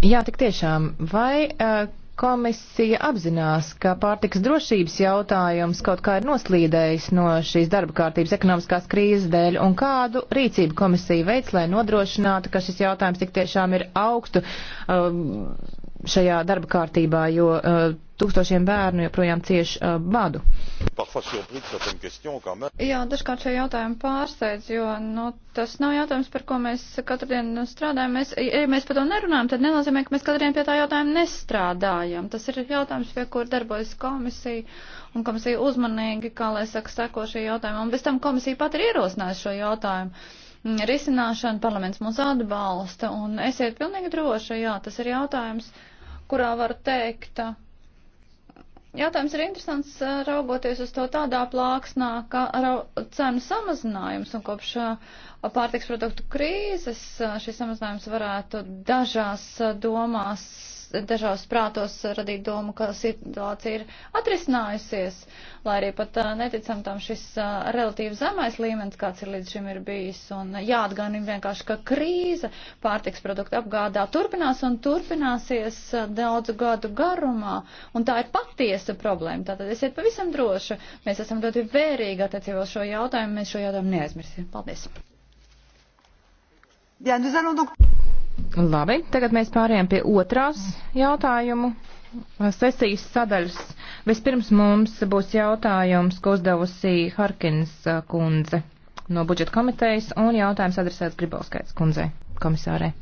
Speaker 2: Jā, tik tiešām. Vai uh, komisija apzinās, ka pārtiks drošības jautājums kaut kā ir noslīdējis no šīs darba kārtības ekonomiskās krīzes dēļ, un kādu rīcību komisija veids, lai nodrošinātu, ka šis jautājums tik tiešām ir augstu um, šajā darba kārtībā, jo uh, tūkstošiem bērnu joprojām cieš uh, badu.
Speaker 3: Jā, dažkārt šo jautājumu pārsteidz, jo nu, tas nav jautājums, par ko mēs katru dienu strādājam. Mēs, ja mēs par to nerunājam, tad nenozīmē, ka mēs katru dienu pie tā jautājuma nestrādājam. Tas ir jautājums, pie kur darbojas komisija, un komisija uzmanīgi, kā lai saka, seko šī jautājuma. Un bez tam komisija pat ir ierosinājusi šo jautājumu mm, risināšanu, parlaments mūs atbalsta, un esiet pilnīgi droši, jā, tas ir jautājums, kurā var teikt, Jautājums ir interesants eh, raugoties uz to tādā plāksnā, ka cenu samazinājums un kopš eh, pārtiks produktu krīzes eh, šis samazinājums varētu dažās domās dažos prātos radīt domu, ka situācija ir atrisinājusies, lai arī pat neticam tam šis relatīvi zemais līmenis, kāds ir līdz šim ir bijis. Un jāatgādina vienkārši, ka krīze pārtiks produktu apgādā turpinās un turpināsies daudzu gadu garumā. Un tā ir patiesa problēma. Tātad esiet pavisam droši. Mēs esam ļoti vērīgi attiecībā uz šo jautājumu. Mēs šo jautājumu neaizmirsīsim. Paldies!
Speaker 2: Bien, nous allons donc... Labi, tagad mēs pārējām pie otrās jautājumu eh, sesijas sadaļas. Vispirms mums būs jautājums, ko uzdevusi Harkins eh, kundze no budžeta komitejas, un jautājums adresēts Gribalskaits kundzei, komisārē.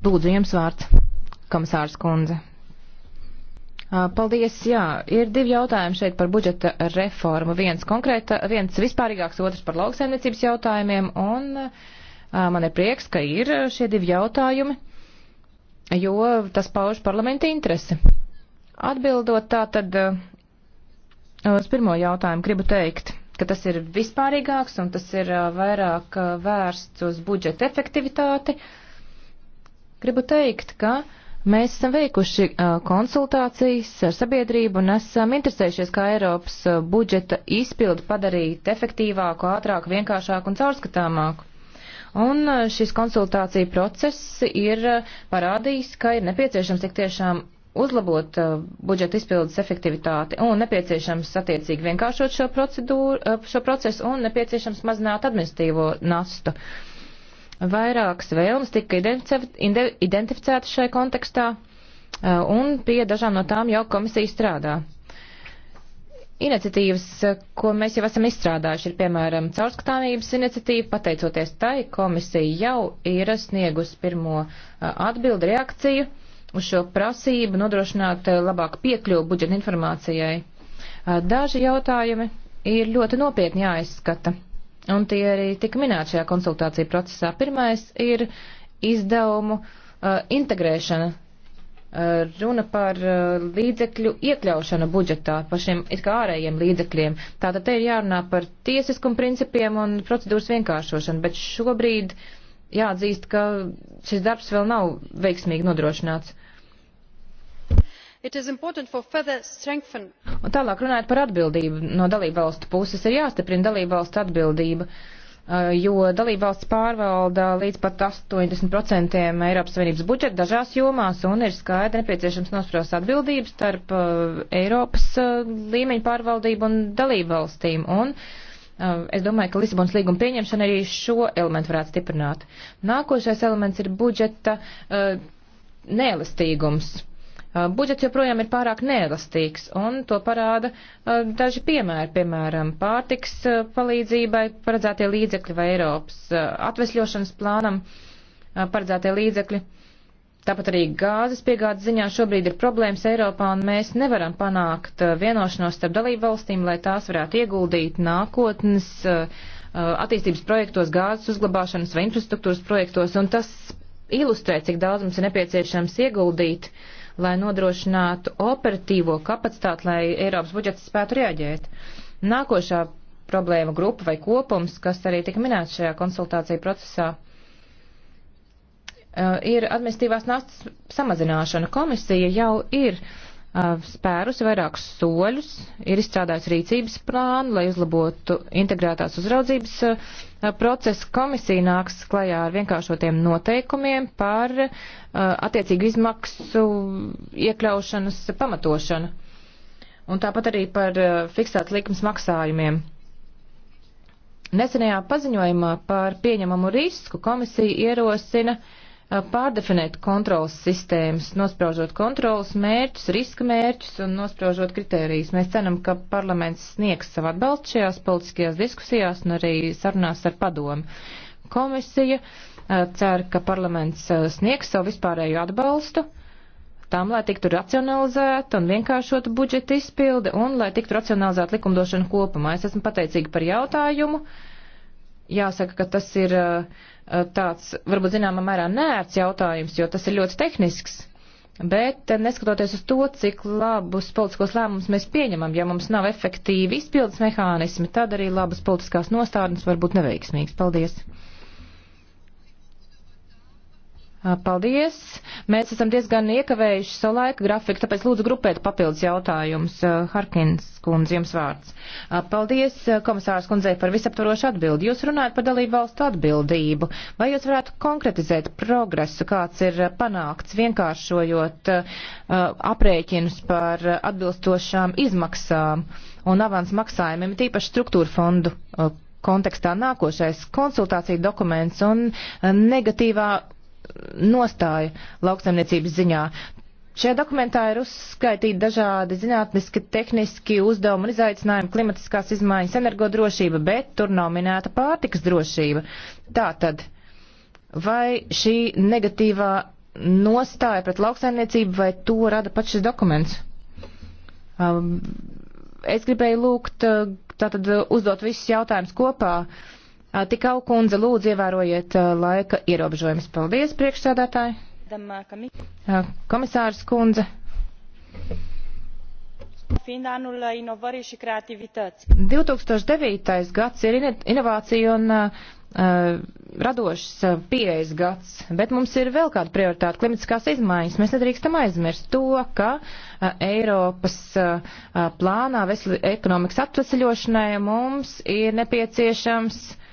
Speaker 2: Lūdzu, jums vārds, komisārs kundze. Uh, paldies, jā. Ir divi jautājumi šeit par budžeta reformu. Viens konkrēta, viens vispārīgāks, otrs par lauksaimniecības jautājumiem. Un uh, man ir prieks, ka ir šie divi jautājumi, jo tas pauž parlamenta interesi. Atbildot tā tad uh, uz pirmo jautājumu, gribu teikt, ka tas ir vispārīgāks un tas ir vairāk vērsts uz budžeta efektivitāti. Gribu teikt, ka uh, Mēs esam veikuši konsultācijas ar sabiedrību un esam interesējušies, kā Eiropas budžeta izpildu padarīt efektīvāku, ātrāku, vienkāršāku un caurskatāmāku. Un šis konsultācija process ir parādījis, ka ir nepieciešams tik tiešām uzlabot budžeta izpildes efektivitāti un nepieciešams attiecīgi vienkāršot šo, šo procesu un nepieciešams mazināt administīvo nastu. Uh, Vairākas vēlmes tika identificētas šai kontekstā, uh, un pie dažām no tām jau komisija strādā. Iniciatīvas, uh, ko mēs jau esam izstrādājuši, ir piemēram caurskatāmības iniciatīva, pateicoties tai, komisija jau ir sniegusi pirmo uh, atbildi reakciju uz šo prasību nodrošināt labāku piekļuvu budžeta informācijai. Daži jautājumi ir ļoti nopietni jāizskata un tie arī tika minēti šajā konsultāciju procesā. Pirmais ir izdevumu uh, integrēšana. Uh, runa par uh, līdzekļu iekļaušanu budžetā, par šiem it kā ārējiem līdzekļiem. Tātad te ir jārunā par tiesiskumu principiem un procedūras vienkāršošanu, bet šobrīd jāatzīst, ka šis darbs vēl nav veiksmīgi nodrošināts. Uh,
Speaker 3: Strengthen...
Speaker 2: Un tālāk runājot par atbildību no dalībvalstu puses, ir jāstiprina dalībvalstu atbildība, jo dalībvalsts pārvalda līdz pat 80% Eiropas Savienības budžeta dažās jomās un ir skaidri nepieciešams nosprost atbildības starp Eiropas līmeņa pārvaldību un dalībvalstīm. Un Es domāju, ka Lisabonas līguma pieņemšana arī šo elementu varētu stiprināt. Nākošais elements ir budžeta uh, neelastīgums Uh, budžets joprojām ir pārāk neelastīgs, un to parāda uh, daži piemēri, piemēram, pārtiks uh, palīdzībai paredzētie līdzekļi vai Eiropas atvesļošanas plānam paredzētie līdzekļi. Tāpat arī gāzes piegādes ziņā šobrīd ir problēmas Eiropā, un mēs nevaram panākt vienošanos starp dalību valstīm, lai tās varētu ieguldīt nākotnes attīstības projektos, gāzes uzglabāšanas vai infrastruktūras projektos, un tas ilustrē, cik daudz mums ir nepieciešams ieguldīt uh, lai nodrošinātu operatīvo kapacitāti, lai Eiropas budžets spētu reaģēt. Nākošā problēma grupa vai kopums, kas arī tika minēts šajā konsultāciju procesā, eh, ir administratīvās nastas samazināšana. Komisija jau ir uh, Uh, spērusi vairākus soļus, ir izstrādājusi rīcības plānu, lai uzlabotu integrētās uzraudzības uh, procesu. Komisija nāks klajā ar vienkāršotiem noteikumiem par uh, attiecīgu izmaksu iekļaušanas pamatošanu. Un tāpat arī par fiksēt likums maksājumiem. Nesenajā paziņojumā par pieņemamu risku komisija ierosina uh, Eh, pārdefinēt kontrolas sistēmas, nospraužot kontrolas mērķus, riska mērķus un nospraužot kritērijus. Mēs cenam, ka parlaments sniegs savu atbalstu šajās politiskajās diskusijās un arī sarunās ar padomu. Komisija eh, cer, ka parlaments eh, sniegs savu vispārēju atbalstu tam, lai tiktu racionalizēta un vienkāršota budžeta izpilde un lai tiktu racionalizēta likumdošana kopumā. Es esmu pateicīga par jautājumu. Jāsaka, ka tas ir uh, Eh, tāds, varbūt zināmā mērā, nērts jautājums, jo tas ir ļoti tehnisks. Bet eh, neskatoties uz to, cik labus politiskos lēmumus mēs pieņemam, ja mums nav efektīvi izpildes mehānismi, tad arī labas politiskās nostādnes var būt neveiksmīgas. Paldies! Paldies! Mēs esam diezgan iekavējuši savu laika grafiku, tāpēc lūdzu grupēt papildus jautājumus. Harkins kundze, jums vārds. Paldies, komisārs kundzei, par visaptvarošu atbildi. Jūs runājat par dalību valstu atbildību. Vai jūs varētu konkretizēt progresu, kāds ir panākts, vienkāršojot aprēķinus par atbilstošām izmaksām un avans maksājumiem, tīpaši struktūra fondu kontekstā nākošais konsultācija dokuments un negatīvā nostāja lauksaimniecības ziņā. Šajā dokumentā ir uzskaitīti dažādi zinātniski, tehniski uzdevumi un izaicinājumi, klimatiskās izmaiņas, energodrošība, bet tur nav minēta pārtikas drošība. Tātad, vai šī negatīvā nostāja pret lauksaimniecību, vai to rada pats šis dokuments? Um, es gribēju lūgt, uh, tātad uzdot visus jautājumus kopā. Uh, Tikau kundze, lūdzu, ievērojiet laika ierobežojumus. Paldies, priekšsādātāji. Komisārs kundze.
Speaker 1: Fiind anul inovării și creativității.
Speaker 2: 2009. gads ir inovācija un uh, radošs pieejas gads, bet mums ir vēl kāda prioritāte - klimatiskās izmaiņas. Mēs nedrīkstam aizmirst to, ka uh, Eiropas uh, plānā veseli, ekonomikas atvesaļošanai mums ir nepieciešams uh,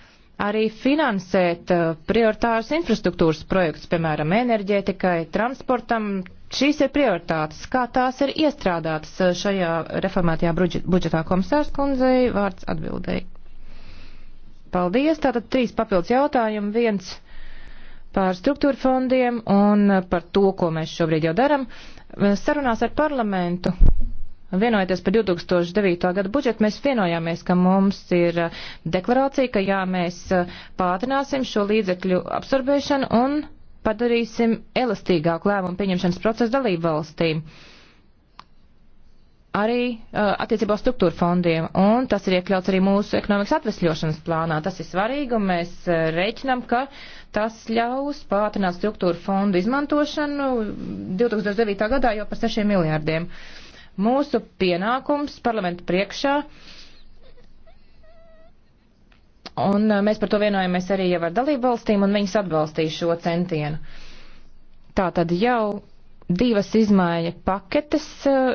Speaker 2: arī finansēt uh, prioritārus infrastruktūras projektus, piemēram, enerģētikai, transportam. Šīs ir prioritātes. Kā tās ir iestrādātas uh, šajā reformētajā budžetā komisārs kundzei? Vārds atbildēji. Paldies. Tātad trīs papildus jautājumi. Viens par struktūra fondiem un uh, par to, ko mēs šobrīd jau daram. Sarunās ar parlamentu Vienojoties par 2009. gada budžetu, mēs vienojāmies, ka mums ir uh, deklarācija, ka jā, mēs uh, pātrināsim šo līdzekļu absorbēšanu un padarīsim elastīgāku lēmumu pieņemšanas procesu dalību valstīm. Arī uh, attiecībā uz struktūra fondiem, un tas ir iekļauts arī mūsu ekonomikas atvesļošanas plānā. Tas ir svarīgi, un mēs uh, reiķinam, ka tas ļaus pātrināt struktūra fondu izmantošanu 2009. Uh, gadā jau par 6 miljārdiem. Uh, Mūsu pienākums parlamentu priekšā Un uh, mēs par to vienojamies arī jau ar dalību valstīm, un viņas atbalstīja šo centienu. Tā tad jau divas izmaiņa paketes uh,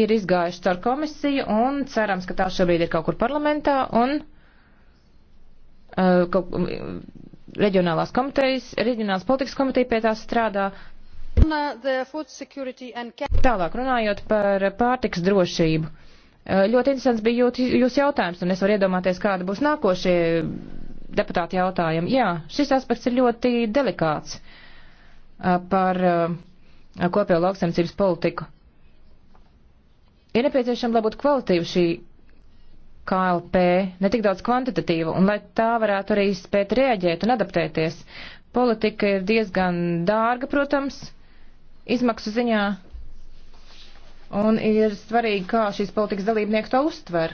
Speaker 2: ir izgājušas caur komisiju, un cerams, ka tā šobrīd ir kaut kur parlamentā, un uh, kaut, um, reģionālās komitejas, reģionālās politikas komiteja pie tā strādā, Tālāk runājot par pārtiks drošību. Eh, ļoti interesants bija jūsu jautājums, un es varu iedomāties, kāda būs nākošie deputāti jautājumi. Jā, šis aspekts ir ļoti delikāts eh, par eh, kopējo lauksaimniecības politiku. Ir nepieciešama, lai būtu kvalitīva šī KLP, ne tik daudz kvantitatīva, un lai tā varētu arī spēt rēģēt un adaptēties. Politika ir diezgan dārga, protams, izmaksu ziņā. Un ir svarīgi, kā šīs politikas dalībnieki to uztver.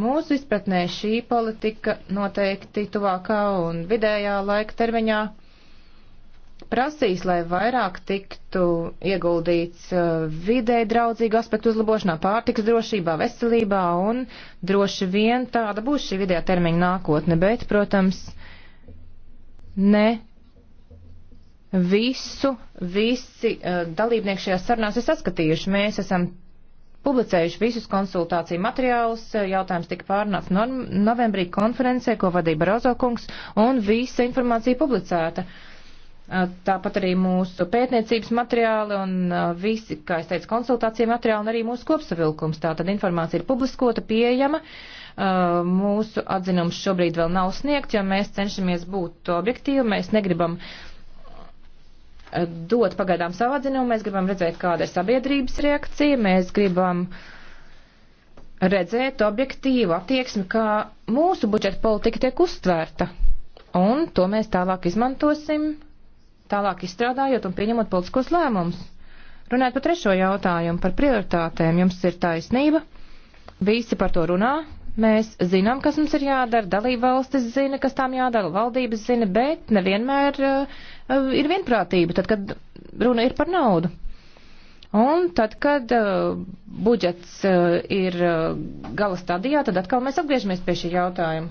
Speaker 2: Mūsu izpratnē šī politika noteikti tuvākā un vidējā laika termiņā prasīs, lai vairāk tiktu ieguldīts uh, vidē draudzīgu aspektu uzlabošanā, pārtiks drošībā, veselībā un droši vien tāda būs šī vidējā termiņa nākotne, bet, protams, ne visu visi uh, dalībnieki šajās sarunās ir saskatījuši. Mēs esam publicējuši visus konsultāciju materiālus. Eh, jautājums tika pārnāts no novembrī konferencē, ko vadīja Barozo kungs, un visa informācija publicēta. Uh, tāpat arī mūsu pētniecības materiāli un uh, visi, kā es teicu, konsultācija materiāli un arī mūsu kopsavilkums. Tātad informācija ir publiskota, pieejama. Uh, mūsu atzinums šobrīd vēl nav sniegts, jo mēs cenšamies būt objektīvi. Mēs negribam uh, dot pagaidām savu atzinumu, mēs gribam redzēt, kāda ir sabiedrības reakcija, mēs gribam redzēt objektīvu attieksmi, kā mūsu budžeta politika tiek uztvērta. Un to mēs tālāk izmantosim, tālāk izstrādājot un pieņemot politiskos lēmumus. Runājot par trešo jautājumu, par prioritātēm, jums ir taisnība. Visi par to runā, Mēs zinām, kas mums ir jādara, dalība valstis zina, kas tām jādara, valdības zina, bet nevienmēr uh, ir vienprātība, tad, kad runa ir par naudu. Un tad, kad uh, budžets uh, ir uh, gala stadijā, tad atkal mēs atgriežamies pie šī jautājuma.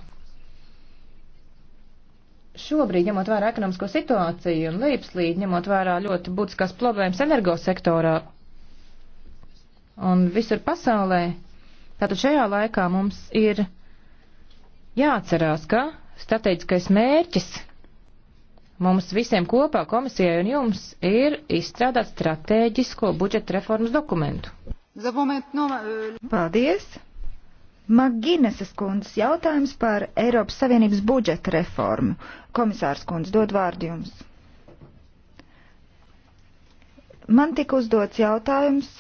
Speaker 2: Šobrīd, ņemot vērā ekonomisko situāciju un līpslīd, ņemot vērā ļoti būtiskās problēmas energosektorā un visur pasaulē, Tātad šajā laikā mums ir jāatcerās, ka strateģiskais mērķis mums visiem kopā komisijai un jums ir izstrādāt strateģisko budžeta reformas dokumentu. Eh,
Speaker 1: Paldies! Maginesas kundzes jautājums par Eiropas Savienības budžeta reformu. Komisārs kundze dod vārdu jums. Man tika uzdots jautājums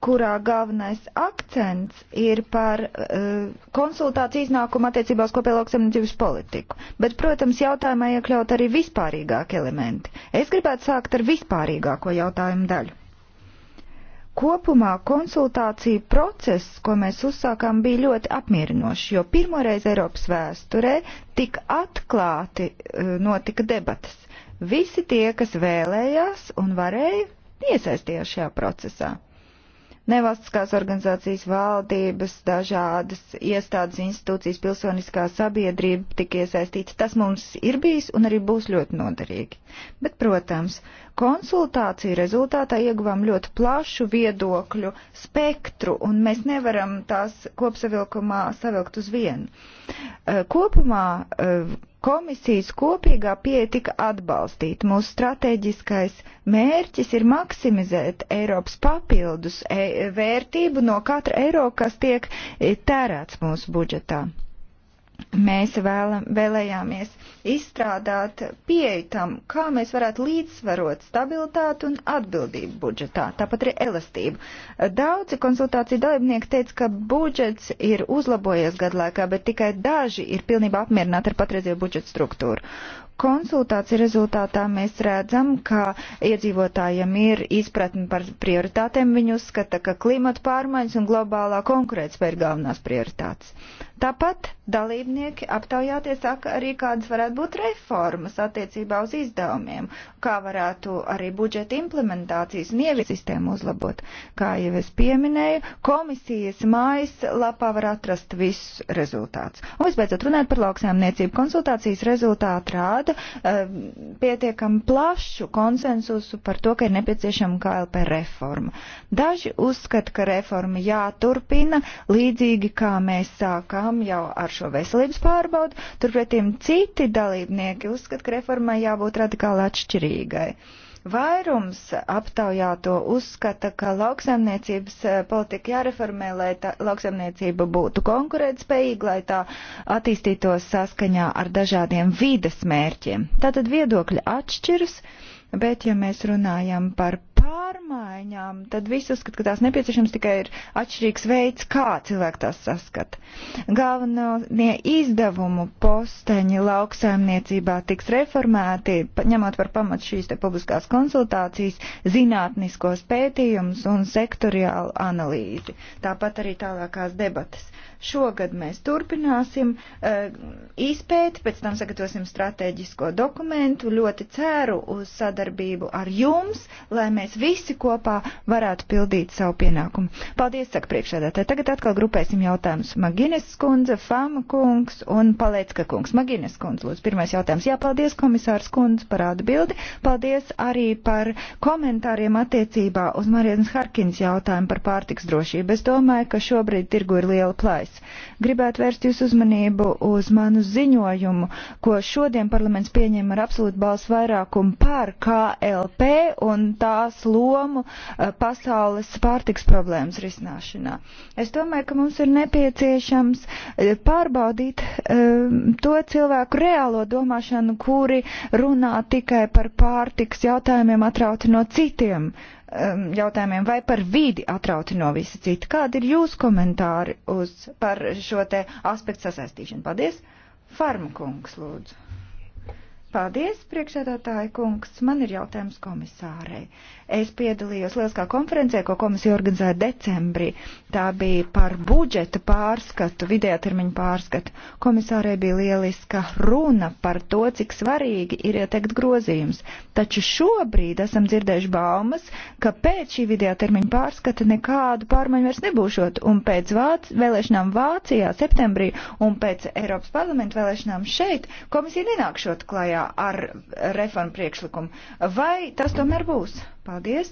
Speaker 1: kurā galvenais akcents ir par uh, konsultāciju iznākumu attiecībā uz kopējo lauksaimniecības politiku. Bet, protams, jautājumā iekļaut arī vispārīgāki elementi. Es gribētu sākt ar vispārīgāko jautājumu daļu. Kopumā konsultāciju process, ko mēs uzsākām, bija ļoti apmierinošs, jo pirmoreiz Eiropas vēsturē tik atklāti uh, notika debatas. Visi tie, kas vēlējās un varēja, iesaistījās šajā procesā nevalstiskās organizācijas valdības, dažādas iestādes, institūcijas, pilsoniskā sabiedrība tika iesaistīta. Tas mums ir bijis un arī būs ļoti noderīgi. Bet, protams, Konsultāciju rezultātā ieguvām ļoti plašu viedokļu spektru, un mēs nevaram tās kopsavilkumā savilkt uz vienu. Eh, kopumā eh, komisijas kopīgā pieeja tika atbalstīta. Mūsu strateģiskais mērķis ir maksimizēt Eiropas papildus e vērtību no katra eiro, kas tiek tērēts mūsu budžetā mēs vēlam, vēlējāmies izstrādāt pieeju tam, kā mēs varētu līdzsvarot stabilitāti un atbildību budžetā, tāpat arī elastību. Daudzi konsultāciju dalībnieki teica, ka budžets ir uzlabojies gadu laikā, bet tikai daži ir pilnībā apmierināti ar patreizējo budžetu struktūru. Konsultāciju rezultātā mēs redzam, ka iedzīvotājiem ir izpratni par prioritātēm. Viņi uzskata, ka klimata pārmaiņas un globālā konkurētspēja ir galvenās prioritātes. Tāpat dalībnieki aptaujāties saka arī, kādas varētu būt reformas attiecībā uz izdevumiem, kā varētu arī budžeta implementācijas un ievi sistēmu uzlabot. Kā jau es pieminēju, komisijas mājas lapā var atrast visus rezultātus. Un visbeidzot runāt par lauksēmniecību. Konsultācijas rezultāti rāda uh, pietiekam plašu konsensusu par to, ka ir nepieciešama KLP reforma. Daži uzskata, ka reforma jāturpina līdzīgi kā mēs sākām tām jau ar šo veselības pārbaudu, turpretīm citi dalībnieki uzskata, ka reformai jābūt radikāli atšķirīgai. Vairums aptaujāto uzskata, ka lauksaimniecības eh, politika jāreformē, lai tā lauksaimniecība būtu konkurētspējīga, lai tā attīstītos saskaņā ar dažādiem vides mērķiem. Tātad viedokļi atšķiras, bet ja mēs runājam par pārmaiņām, tad visi uzskata, ka tās nepieciešams tikai ir atšķirīgs veids, kā cilvēki tās saskata. Galvenie izdevumu posteņi lauksaimniecībā tiks reformēti, ņemot par pamatu šīs te publiskās konsultācijas, zinātniskos pētījumus un sektoriālu analīzi. Tāpat arī tālākās debatas. Šogad mēs turpināsim uh, izpēti, pēc tam sagatavosim strateģisko dokumentu. Ļoti ceru uz sadarbību ar jums, lai mēs mēs visi kopā varētu pildīt savu pienākumu. Paldies, saka priekšēdētāji. Tagad atkal grupēsim jautājumus. Magines skundze, Fama kungs un Palecka kungs. Magines skundze, lūdzu, pirmais jautājums. Jā, paldies, komisārs kundze, par atbildi. Paldies arī par komentāriem attiecībā uz Marienas Harkins jautājumu par pārtiks drošību. Es domāju, ka šobrīd tirgu ir liela plājas. Gribētu vērst jūs uzmanību uz manu ziņojumu, ko šodien parlaments pieņēma ar absolūtu balsu vairākumu par KLP un tās lomu eh, pasaules pārtiks problēmas risināšanā. Es domāju, ka mums ir nepieciešams eh, pārbaudīt eh, to cilvēku reālo domāšanu, kuri runā tikai par pārtiks jautājumiem atrauti no citiem jautājumiem vai par vidi atrauti no visa cita. Kādi ir jūsu komentāri uz, par šo te aspektu sasaistīšanu? Paldies! Farmakungs, lūdzu. Paldies, priekšsēdētāji kungs. Man ir jautājums komisārei. Es piedalījos lieliskā konferencē, ko komisija organizēja decembrī. Tā bija par budžeta pārskatu, vidējā termiņa pārskatu. Komisārei bija lieliska runa par to, cik svarīgi ir ieteikt grozījums. Taču šobrīd esam dzirdējuši baumas, ka pēc šī vidējā termiņa pārskata nekādu pārmaiņu vairs nebūšot. Un pēc vāc, vēlēšanām Vācijā septembrī un pēc Eiropas parlamenta vēlēšanām šeit komisija nenākšot klajā klajā ar reformu priekšlikumu. Vai tas tomēr būs? Paldies!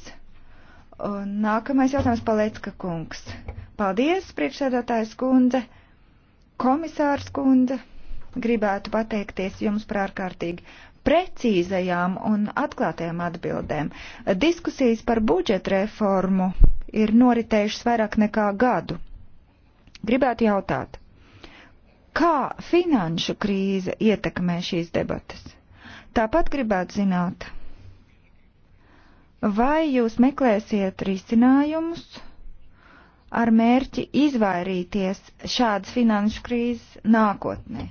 Speaker 1: Un nākamais jautājums Palecka kungs. Paldies, priekšsēdētājs kundze, komisārs kundze. Gribētu pateikties jums par ārkārtīgi precīzajām un atklātajām atbildēm. Diskusijas par budžeta reformu ir noritējušas vairāk nekā gadu. Gribētu jautāt, kā finanšu krīze ietekmē šīs debatas? Tāpat gribētu zināt, vai jūs meklēsiet risinājumus ar mērķi izvairīties šādas finanšu krīzes nākotnē?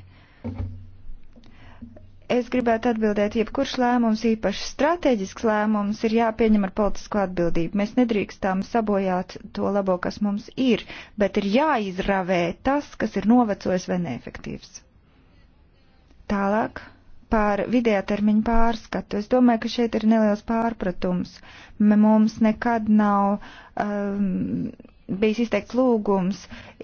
Speaker 1: Es gribētu atbildēt, jebkurš lēmums, īpaši strateģisks lēmums, ir jāpieņem ar politisko atbildību. Mēs nedrīkstām sabojāt to labo, kas mums ir, bet ir jāizravē tas, kas ir novecojis vai neefektīvs. Tālāk par vidējā termiņa pārskatu. Es domāju, ka šeit ir neliels pārpratums. Mums nekad nav um, bijis izteikts lūgums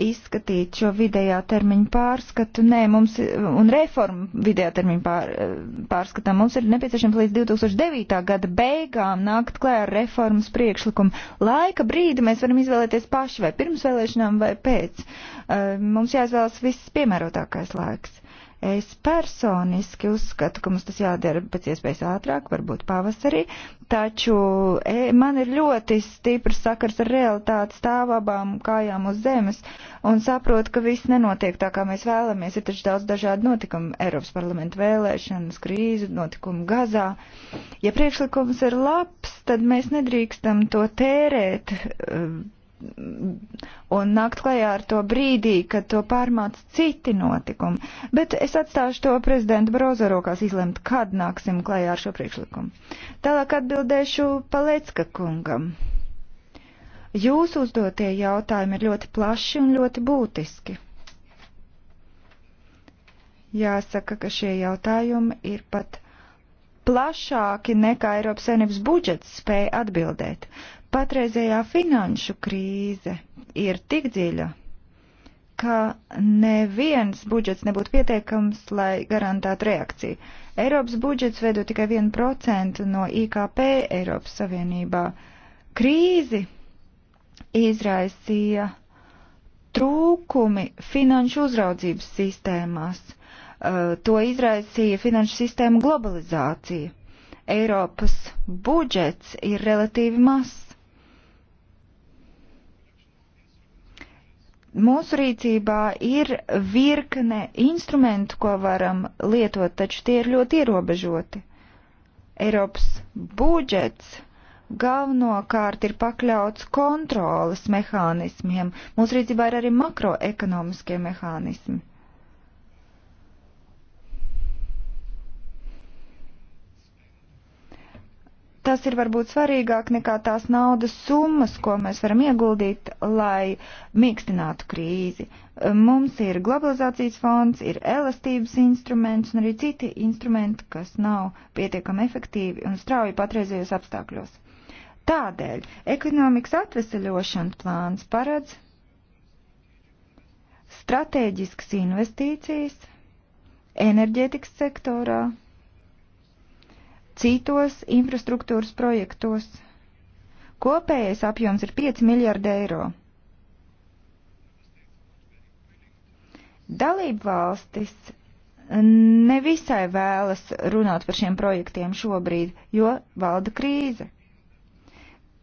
Speaker 1: izskatīt šo vidējā termiņa pārskatu. Nē, mums un reformu vidējā termiņa pār, eh, pārskatām mums ir nepieciešams līdz 2009. gada beigām nākt klē ar reformas priekšlikumu. Laika brīdi mēs varam izvēlēties paši vai pirms vēlēšanām vai pēc. Uh, mums jāizvēlas viss piemērotākais laiks. Es personiski uzskatu, ka mums tas jādara pēc iespējas ātrāk, varbūt pavasarī, taču e, man ir ļoti stiprs sakars ar realitāti stāv abām kājām uz zemes un saprotu, ka viss nenotiek tā, kā mēs vēlamies. Ir taču daudz dažādu notikumu - Eiropas parlamenta vēlēšanas, krīzu, notikumu Gazā. Ja priekšlikums ir labs, tad mēs nedrīkstam to tērēt. Uh, un nākt klajā ar to brīdī, kad to pārmāc citi notikumi. Bet es atstāšu to prezidenta Brozo rokās izlemt, kad nāksim klajā ar šo priekšlikumu. Tālāk atbildēšu Palecka kungam. Jūsu uzdotie jautājumi ir ļoti plaši un ļoti būtiski. Jāsaka, ka šie jautājumi ir pat plašāki nekā Eiropas Savienības budžets spēja atbildēt. Patreizējā finanšu krīze ir tik dziļa, ka neviens budžets nebūtu pietiekams, lai garantētu reakciju. Eiropas budžets veido tikai 1% no IKP Eiropas Savienībā. Krīzi izraisīja trūkumi finanšu uzraudzības sistēmās. Uh, to izraisīja finanšu sistēmu globalizācija. Eiropas budžets ir relatīvi mazs Mūsu rīcībā ir virkne instrumentu, ko varam lietot, taču tie ir ļoti ierobežoti. Eiropas budžets galvenokārt ir pakļauts kontrolas mehānismiem. Mūsu rīcībā ir arī makroekonomiskie mehānismi. tas ir varbūt svarīgāk nekā tās naudas summas, ko mēs varam ieguldīt, lai mīkstinātu krīzi. Mums ir globalizācijas fonds, ir elastības instruments un arī citi instrumenti, kas nav pietiekami efektīvi un strauji patreizējos apstākļos. Tādēļ ekonomikas atveseļošanas plāns paredz stratēģiskas investīcijas enerģētikas sektorā citos infrastruktūras projektos. Kopējais apjoms ir 5 miljardi eiro. Dalību valstis nevisai vēlas runāt par šiem projektiem šobrīd, jo valda krīze.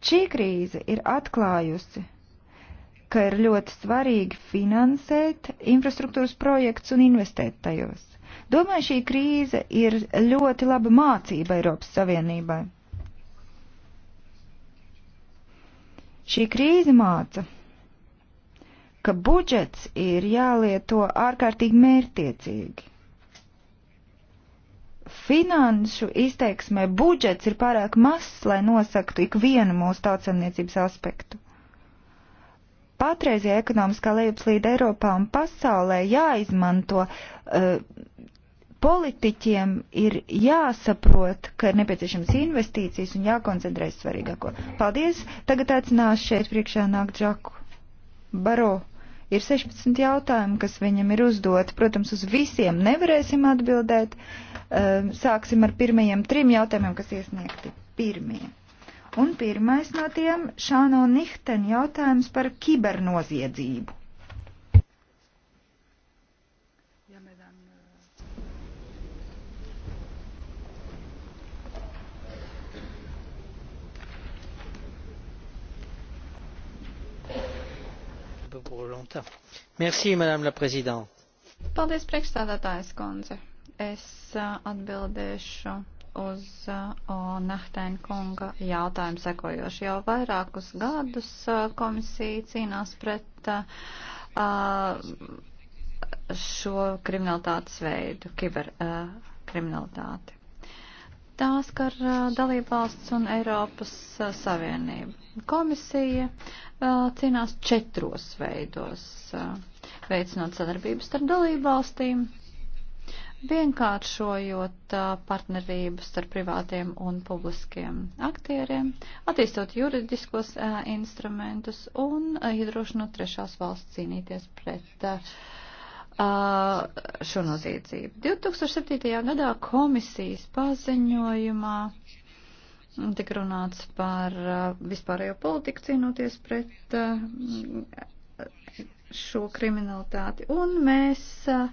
Speaker 1: Šī krīze ir atklājusi, ka ir ļoti svarīgi finansēt infrastruktūras projekts un investēt tajos. Domāju, šī krīze ir ļoti laba mācība Eiropas Savienībai. Šī krīze māca, ka budžets ir jālieto ārkārtīgi mērtiecīgi. Finanšu izteiksmē budžets ir pārāk mazs, lai nosaktu ikvienu mūsu tautsamniecības aspektu. Patreizie ekonomiskā lejupslīde Eiropā un pasaulē jāizmanto. Uh, politiķiem ir jāsaprot, ka ir nepieciešams investīcijas un jākoncentrēs svarīgāko. Paldies! Tagad aicināšu šeit priekšā nākt Džaku Baro. Ir 16 jautājumi, kas viņam ir uzdoti. Protams, uz visiem nevarēsim atbildēt. Eh, sāksim ar pirmajiem trim jautājumiem, kas iesniegti. Pirmie. Un pirmais no tiem - Šāno Nihten jautājums par kibernoziedzību.
Speaker 2: Merci, Madame la Présidente.
Speaker 3: Paldies, priekšstādātājs kundze. Es uh, atbildēšu uz uh, Nahtēna kunga jautājumu sekojoši. Jau vairākus gadus uh, komisija cīnās pret uh, šo kriminalitātes veidu, kiberkriminalitāti. Tās, ka ar dalībvalsts un Eiropas Savienību. Komisija cīnās četros veidos, veicinot sadarbības starp dalībvalstīm, vienkāršojot partnerības ar privātiem un publiskiem aktieriem, attīstot juridiskos instrumentus un iedrošinot trešās valsts cīnīties pret šo noziedzību. 2007. gadā komisijas paziņojumā tika runāts par vispārējo politiku cīnoties pret šo kriminalitāti, un mēs uh,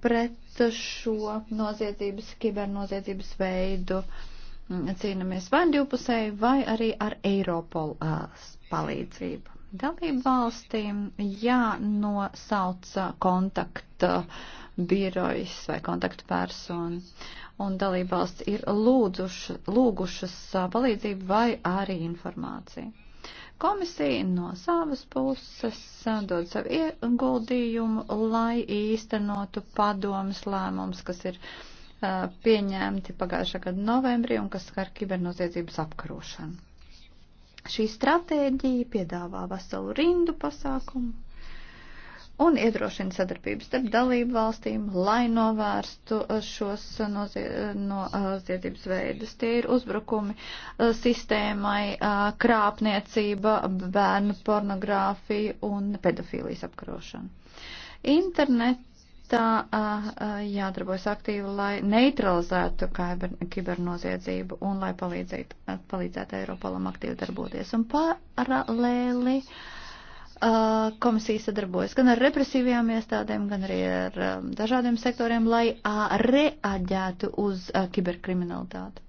Speaker 3: pret šo noziedzības, kibernoziedzības veidu mm, cīnāmies vai divpusēji, vai arī ar Eiropolu palīdzību. Dalību valstīm jānosauc kontakta birojas vai kontaktpersonu, un dalību valsts ir lūdzušas, lūgušas palīdzību vai arī informāciju. Komisija no savas puses dod savu ieguldījumu, lai īstenotu padomas lēmums, kas ir uh, pieņemti pagājušā gada novembrī un kas skar kibernoziedzības apkarošanu. Šī stratēģija piedāvā veselu rindu pasākumu, un iedrošina sadarbību starp dalību valstīm, lai novērstu uh, šos uh, noziedzības uh, veidus. Tie ir uzbrukumi sistēmai, krāpniecība, bērnu pornogrāfija un pedofīlijas apkarošana. Internetā jādarbojas aktīvi, lai neutralizētu kibernoziedzību un lai palīdzētu, palīdzētu Eiropolam aktīvi darboties. Un paralēli. Uh, Uh, komisija sadarbojas gan ar represīvajām iestādēm, gan arī ar um, dažādiem sektoriem, lai reaģētu uz kiberkriminalitāti.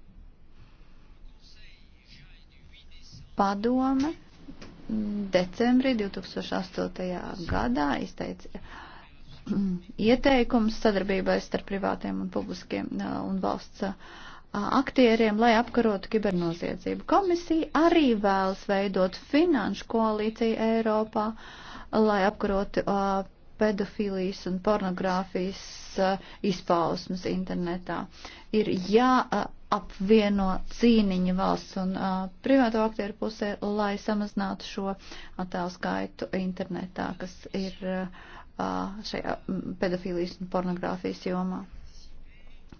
Speaker 3: Padome mm, decembrī 2008. gadā izteica mm, ieteikums sadarbībai starp privātiem un publiskiem un valsts aktieriem, lai apkarotu kibernoziedzību. Komisija arī vēlas veidot finanšu koalīciju Eiropā, lai apkarotu uh, pedofilijas un pornogrāfijas uh, izpausmas internetā. Ir jāapvieno uh, cīniņa valsts un uh, privāto aktieru pusē, lai samazinātu šo attēlu skaitu internetā, kas ir uh, šajā pedofilijas un pornogrāfijas jomā.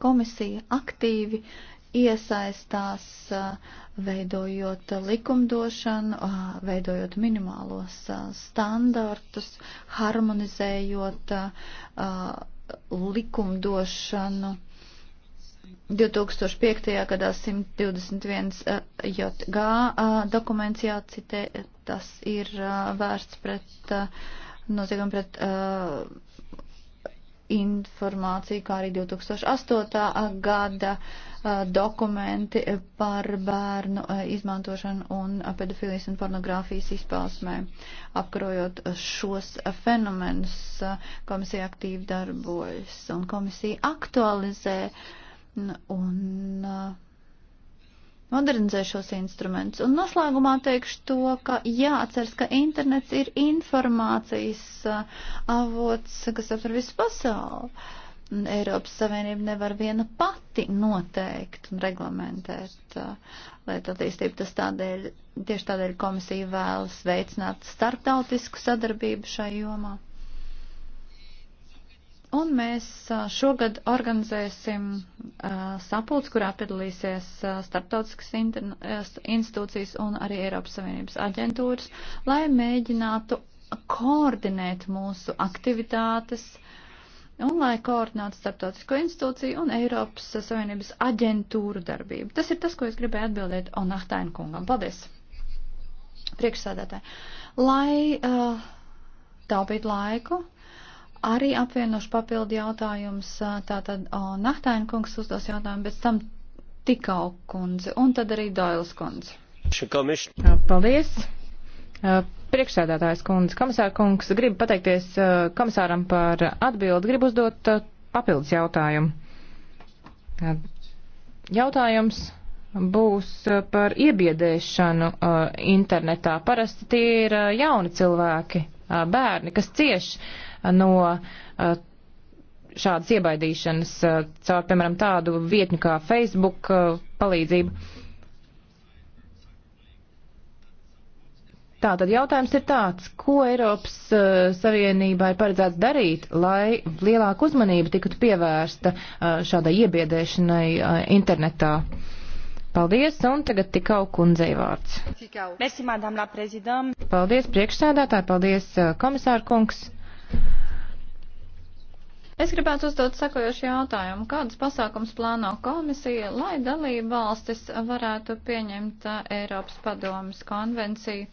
Speaker 3: Komisija aktīvi iesaistās, veidojot likumdošanu, veidojot minimālos standartus, harmonizējot likumdošanu. 2005. gadā 121 JG dokuments jācitē, tas ir vērsts pret noziegumu pret informāciju, kā arī 2008. gada uh, dokumenti par bērnu uh, izmantošanu un pedofilijas un pornogrāfijas izpausmē. Apkarojot šos fenomenus, uh, komisija aktīvi darbojas un komisija aktualizē un, un modernizē šos instrumentus. Un noslēgumā teikšu to, ka jāatceras, ka internets ir informācijas uh, avots, kas aptver visu pasauli. Eiropas Savienība nevar viena pati noteikt un reglamentēt uh, lietu attīstību. Tas tādēļ, tieši tādēļ komisija vēlas veicināt starptautisku sadarbību šai jomā. Un mēs šogad organizēsim sapulci, kurā piedalīsies starptautiskas institūcijas un arī Eiropas Savienības aģentūras, lai mēģinātu koordinēt mūsu aktivitātes un lai koordinātu starptautisko institūciju un Eiropas Savienības aģentūru darbību. Tas ir tas, ko es gribēju atbildēt Onahtainu kungam. Paldies! Priekšsādātāji. Lai uh, taupītu laiku, arī apvienošu papildu jautājumus. Tātad Nahtaina kungs uzdos jautājumu, bet tam tikau kundze un tad arī Doils kundze.
Speaker 2: Paldies! Priekšsēdētājs kundze, komisāra kungs, gribu pateikties komisāram par atbildi, gribu uzdot papildus jautājumu. Jautājums būs par iebiedēšanu internetā. Parasti tie ir jauni cilvēki, bērni, kas cieš no šādas iebaidīšanas caur, piemēram, tādu vietņu kā Facebook palīdzību. Tā tad jautājums ir tāds, ko Eiropas uh, Savienībā ir paredzēts darīt, lai lielāka uzmanība tiktu pievērsta uh, šādai iebiedēšanai uh, internetā? Uh, Paldies, un tagad tikau kundzei vārds.
Speaker 3: Merci, madame la prezidam.
Speaker 2: Paldies, priekšsēdētāji, paldies, eh, komisāra kungs.
Speaker 3: Es gribētu uzdot sakojošu jautājumu. Kādus pasākums plāno komisija, lai dalība valstis varētu pieņemt eh, Eiropas padomas konvenciju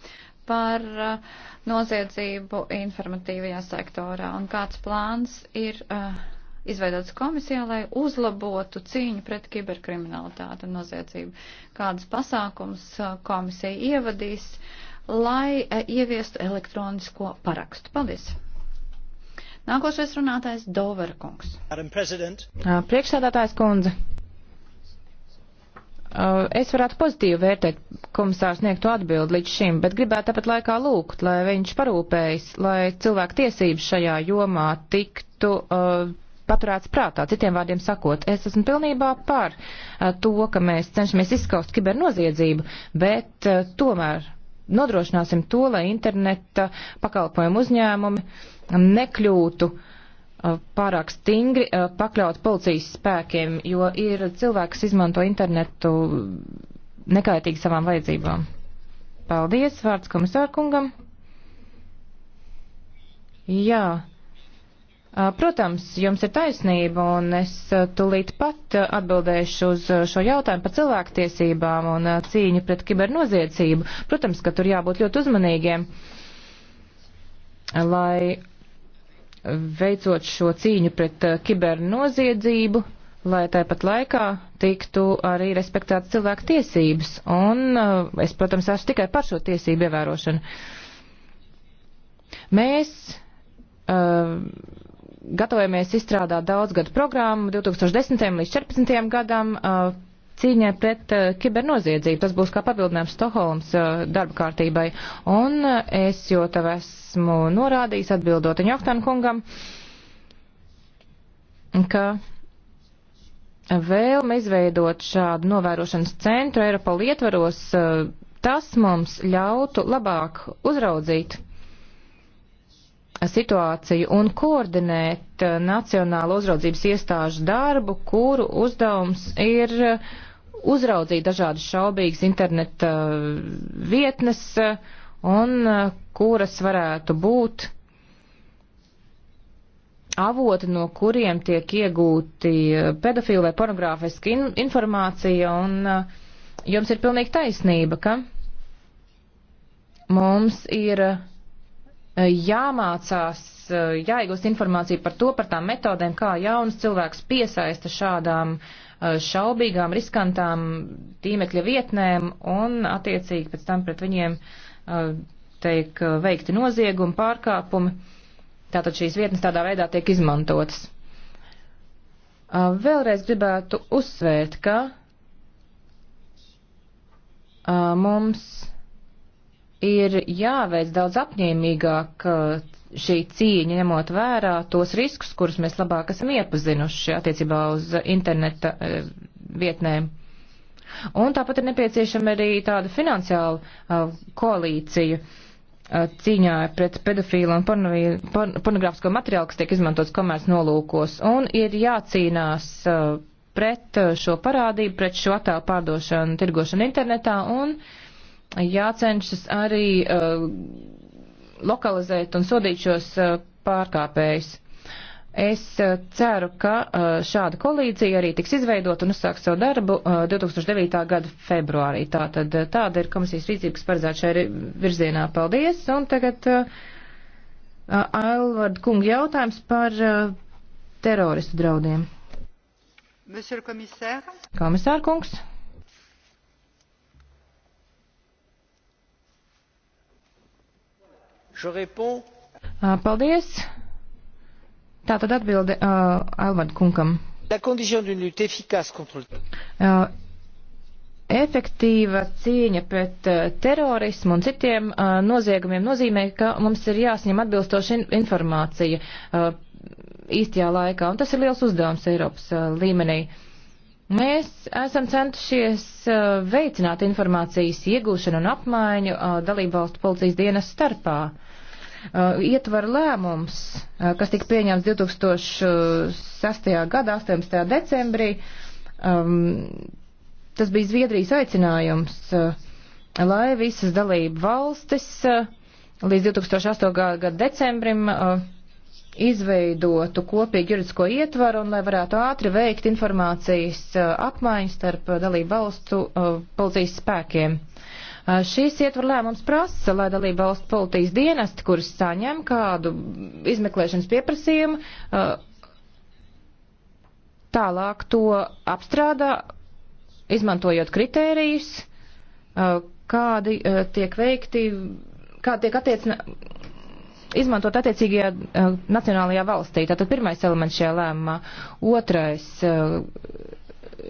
Speaker 3: par eh, noziedzību informatīvajā sektorā? Un kāds plāns ir? Uh, izveidotas komisija, lai uzlabotu cīņu pret kiberkriminalitātu un noziedzību. Kādas pasākums uh, komisija ievadīs, lai uh, ieviestu elektronisko parakstu? Paldies!
Speaker 2: Nākošais runātājs Doverkungs. Uh, Priekšsādātājs kundze es varētu pozitīvi vērtēt komisārs sniegto atbildi līdz šim, bet gribētu tāpat laikā lūgt, lai viņš parūpējas, lai cilvēku tiesības šajā jomā tiktu uh, paturēts prātā. Citiem vārdiem sakot, es esmu pilnībā par eh, to, ka mēs cenšamies izskaust kibernoziedzību, bet eh, tomēr nodrošināsim to, lai interneta pakalpojumu uzņēmumi nekļūtu eh, pārāk stingri pakļaut policijas spēkiem, jo ir cilvēki, kas izmanto internetu nekaitīgi savām vajadzībām. Paldies, vārds komisārkungam. Jā, Protams, jums ir taisnība, un es tūlīt pat atbildēšu uz šo jautājumu par cilvēktiesībām un cīņu pret kibernoziedzību. Protams, ka tur jābūt ļoti uzmanīgiem, lai veicot šo cīņu pret kibernoziedzību, lai tāpat laikā tiktu arī respektētas cilvēku tiesības. Un es, protams, esmu tikai par šo tiesību ievērošanu. Mēs uh, gatavojamies izstrādāt daudzgadu programmu 2010. līdz 2014. gadam uh, cīņai pret uh, kibernoziedzību. Tas būs kā papildinājums Stokholmas uh, darba kārtībai. Un es jau tev esmu norādījis atbildot Ņoktan kungam, ka vēlme izveidot šādu novērošanas centru Eiropa lietvaros, tas mums ļautu labāk uzraudzīt situāciju un koordinēt eh, Nacionālo uzraudzības iestāžu darbu, kuru uzdevums ir eh, uzraudzīt dažādas šaubīgas interneta eh, vietnes un kuras varētu būt avoti, no kuriem tiek iegūti pedofili vai pornogrāfiska in informācija, un jums ir pilnīgi taisnība, ka mums ir jāmācās, jāiegūst informācija par to, par tām metodēm, kā jaunas cilvēks piesaista šādām eh, šaubīgām, riskantām tīmekļa vietnēm un attiecīgi pēc tam pret viņiem eh, teik eh, veikti noziegumi, pārkāpumi. Tātad šīs vietnes tādā veidā tiek izmantotas. Vēlreiz gribētu uzsvērt, ka mums ir jāveic daudz apņēmīgāk šī cīņa, ņemot vērā tos riskus, kurus mēs labāk esam iepazinuši attiecībā uz interneta e, vietnēm. Un tāpat ir nepieciešama arī tāda finansiāla e, koalīcija e, cīņā pret pedofīlu un pornogrāfisko materiālu, kas tiek izmantots komerc nolūkos, un ir jācīnās pret šo parādību, pret šo attēlu pārdošanu, tirgošanu internetā, un uh, jācenšas arī uh, lokalizēt un sodīt šos uh, pārkāpējus. Es uh, ceru, ka uh, šāda kolīdzija arī tiks izveidot un uzsāks savu darbu uh, 2009. gada februārī. Tātad uh, tāda ir komisijas rīcības paredzēta šai virzienā. Paldies! Un tagad uh, uh Ailvard kunga jautājums par uh, teroristu draudiem. Komisār kungs!
Speaker 3: Ah,
Speaker 2: paldies. Tā tad atbilde uh, Alvard kungam. Uh, efektīva cīņa pret uh, terorismu un citiem uh, noziegumiem nozīmē, ka mums ir jāsņem atbilstoša in informācija uh, īstajā laikā, un tas ir liels uzdevums Eiropas uh, līmenī. Mēs esam centušies uh, veicināt informācijas iegūšanu un apmaiņu uh, dalībvalstu policijas dienas starpā. Uh, Uh, ietver lēmums, uh, kas tika pieņemts 2006. gada 18. decembrī. Um, tas bija Zviedrijas aicinājums, uh, lai visas dalību valstis līdz 2008. gada decembrim izveidotu kopīgu juridisko ietvaru un lai varētu ātri veikt informācijas apmaiņu starp dalību valstu policijas spēkiem. Šīs ietver lēmums prasa, lai dalība valsts politijas dienesti, kuras saņem kādu izmeklēšanas pieprasījumu, tālāk to apstrādā, izmantojot kritērijus, kādi tiek veikti, kādi tiek attiecina, izmantot attiecīgajā uh, nacionālajā valstī. Tātad pirmais elements šajā lēmumā. Otrais uh,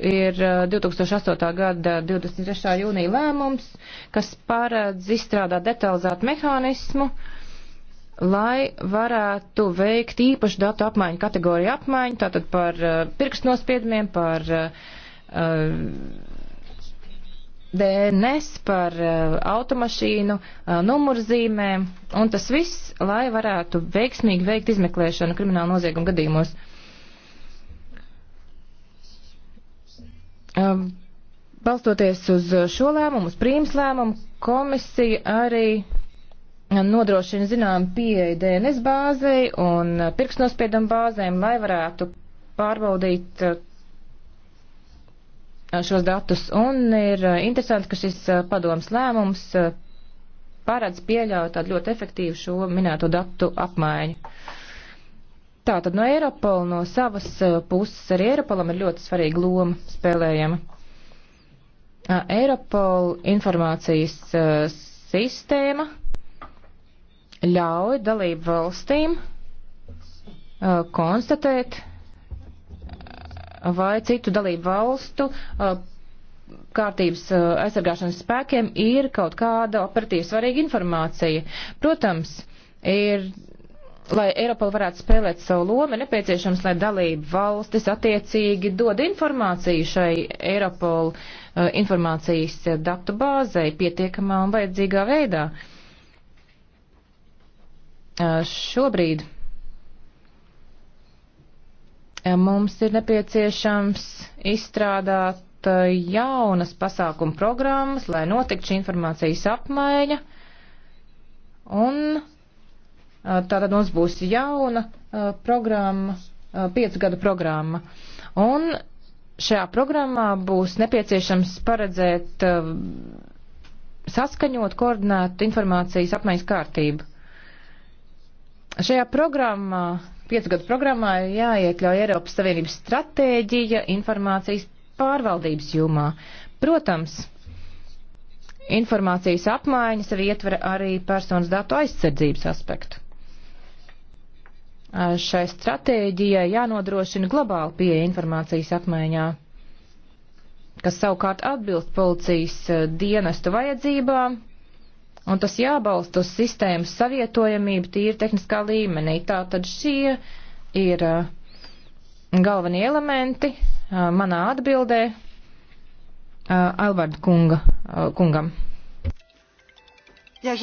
Speaker 2: ir 2008. Eh, gada 23. jūnija lēmums, kas paredz izstrādāt detalizētu mehānismu, lai varētu veikt īpašu datu apmaiņu, kategoriju apmaiņu, tātad par eh, pirkstnospiedumiem, par eh, DNS, par automašīnu, numurzīmēm, un tas viss, lai varētu veiksmīgi veikt izmeklēšanu kriminālu noziegumu gadījumos. Ehm, balstoties uz šo lēmumu, uz prīmas lēmumu, komisija arī nodrošina zinām pieeja DNS bāzei un pirkstnospiedumu bāzēm, lai varētu pārbaudīt eh, šos datus. Un ir eh, interesanti, ka šis eh, padoms lēmums paredz pieļaut tādu ļoti efektīvu šo minēto datu apmaiņu. Tātad no Eiropola, no savas uh, puses arī Eiropolam ir ļoti svarīga loma spēlējama. Uh, Eiropola informācijas uh, sistēma ļauj dalību valstīm konstatēt vai citu dalību valstu kārtības aizsargāšanas spēkiem ir kaut kāda operatīva svarīga informācija. Protams, ir lai Eiropa varētu spēlēt savu lomu, ir nepieciešams, lai dalību valstis attiecīgi dod informāciju šai Eiropol uh, informācijas datu bāzei pietiekamā un vajadzīgā veidā. Uh, šobrīd uh, mums ir nepieciešams izstrādāt uh, jaunas pasākuma programmas, lai notiktu šī informācijas apmaiņa un Eh, tātad mums būs jauna eh, programma, eh, piecu gadu programma. Un šajā programmā būs nepieciešams paredzēt saskaņot, koordinēt informācijas apmaiņas kārtību. Šajā programmā, piecu gadu programmā, ir jāiekļauj Eiropas Savienības stratēģija informācijas pārvaldības jomā. Protams, informācijas apmaiņas arī ietver arī personas datu aizsardzības aspektu. Eh, šai stratēģijai jānodrošina globāla pieeja informācijas apmaiņā, kas savukārt atbilst policijas eh, dienestu vajadzībām, un tas jābalst uz sistēmas savietojamību tīri tehniskā līmenī. Tātad šie ir eh, galvenie elementi manā atbildē Alvarda kunga, kungam.
Speaker 1: Ja,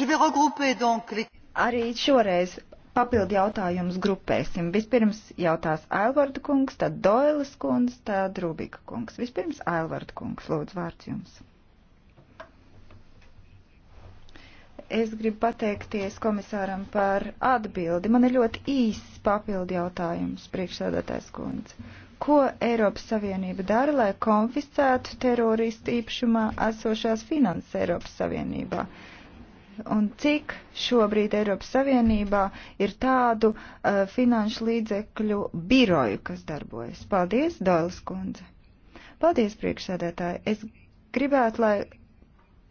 Speaker 1: Arī šoreiz papildu jautājumus grupēsim. Vispirms jautās Ailvarda kungs, tad Doilas kungs, tad Rubika kungs. Vispirms Ailvarda kungs, lūdzu vārds jums. Es gribu pateikties komisāram par atbildi. Man ir ļoti īss papildu jautājums, priekšsādātājs kundze. Ko Eiropas Savienība dara, lai konfiscētu teroristu īpašumā esošās finanses Eiropas Savienībā? Uh, un cik šobrīd Eiropas Savienībā ir tādu uh, finanšu līdzekļu biroju, kas darbojas. Paldies, Dāles kundze. Paldies, priekšsēdētāji. Es gribētu, lai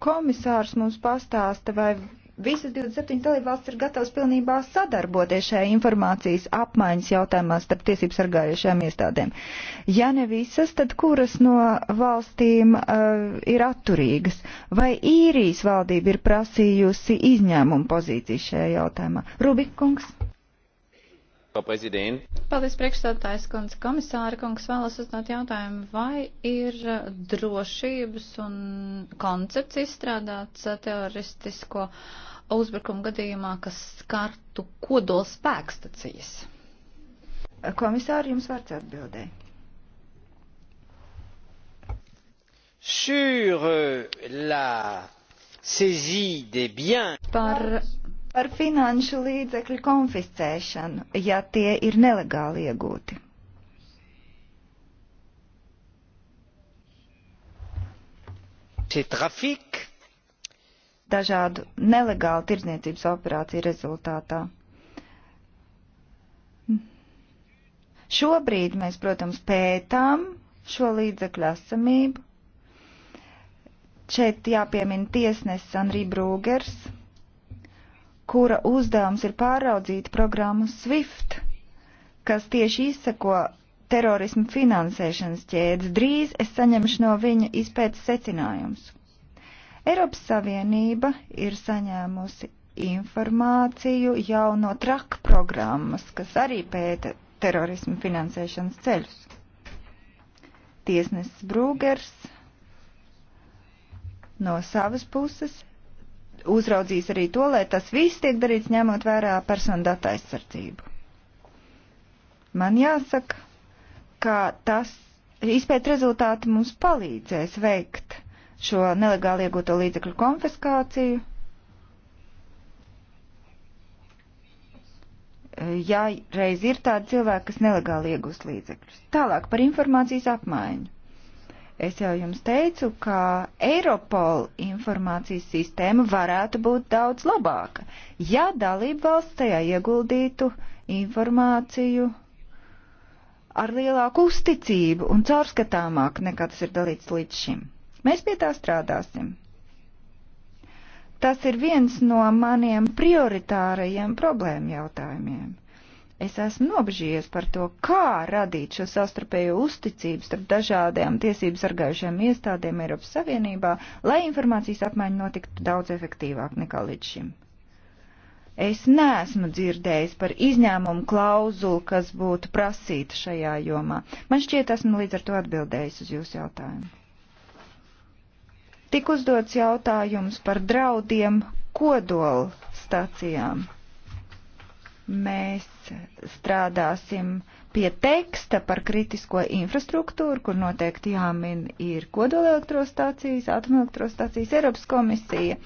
Speaker 1: komisārs mums pastāsta, vai Visas 27 dalībvalstis ir gatavas pilnībā sadarboties šajā informācijas apmaiņas jautājumā starp tiesību sargājušajām iestādēm. Ja ne visas, tad kuras no valstīm uh, ir atturīgas? Vai īrijas valdība ir prasījusi izņēmumu pozīciju šajā jautājumā? Rubikungs.
Speaker 3: Paldies, priekšstādātājs kundze. Komisāra kungs vēlas uzdot jautājumu, vai ir eh, drošības un koncepts izstrādāts eh, teroristisko uh, uzbrukuma gadījumā, kas skartu kodola spēkstacijas. Komisāri,
Speaker 1: jums vārds atbildē.
Speaker 2: Sur uh, la saisie des biens.
Speaker 1: Par, par finanšu līdzekļu konfiscēšanu, ja tie ir nelegāli iegūti. Ces trafics dažādu nelegālu tirdzniecības operāciju rezultātā. Šobrīd mēs, protams, pētām šo līdzekļu esamību. Šeit jāpiemina tiesnesis Anri Brūgers, kura uzdevums ir pāraudzīt programmu SWIFT, kas tieši izsako terorismu finansēšanas ķēdes. Drīz es saņemšu no viņa izpētes secinājumus. Eiropas Savienība ir saņēmusi informāciju jau no trak programmas, kas arī pēta terorismu finansēšanas ceļus. Tiesnesis Brūgers no savas puses uzraudzīs arī to, lai tas viss tiek darīts ņemot vērā personu datu aizsardzību. Man jāsaka, ka tas izpēt rezultāti mums palīdzēs veikt šo nelegāli iegūto līdzekļu konfiskāciju. Ja reiz ir tādi cilvēki, kas nelegāli iegūst līdzekļus. Tālāk par informācijas apmaiņu. Es jau jums teicu, ka Eiropola informācijas sistēma varētu būt daudz labāka, ja dalība valsts tajā ieguldītu informāciju ar lielāku uzticību un caurskatāmāk nekā tas ir dalīts līdz šim. Mēs pie tā strādāsim. Tas ir viens no maniem prioritārajiem problēmu jautājumiem. Es esmu nobežījies par to, kā radīt šo savstarpējo uzticību starp dažādiem tiesību sargājušiem iestādēm Eiropas Savienībā, lai informācijas apmaiņa notiktu daudz efektīvāk nekā līdz šim. Es neesmu dzirdējis par izņēmumu klauzulu, kas būtu prasīta šajā jomā. Man šķiet, esmu līdz ar to atbildējis uz jūsu jautājumu. Tik uzdots jautājums par draudiem kodola stacijām. Mēs strādāsim pie teksta par kritisko infrastruktūru, kur noteikti jāmin ir kodolelektrostācijas, atomelektrostācijas Eiropas komisija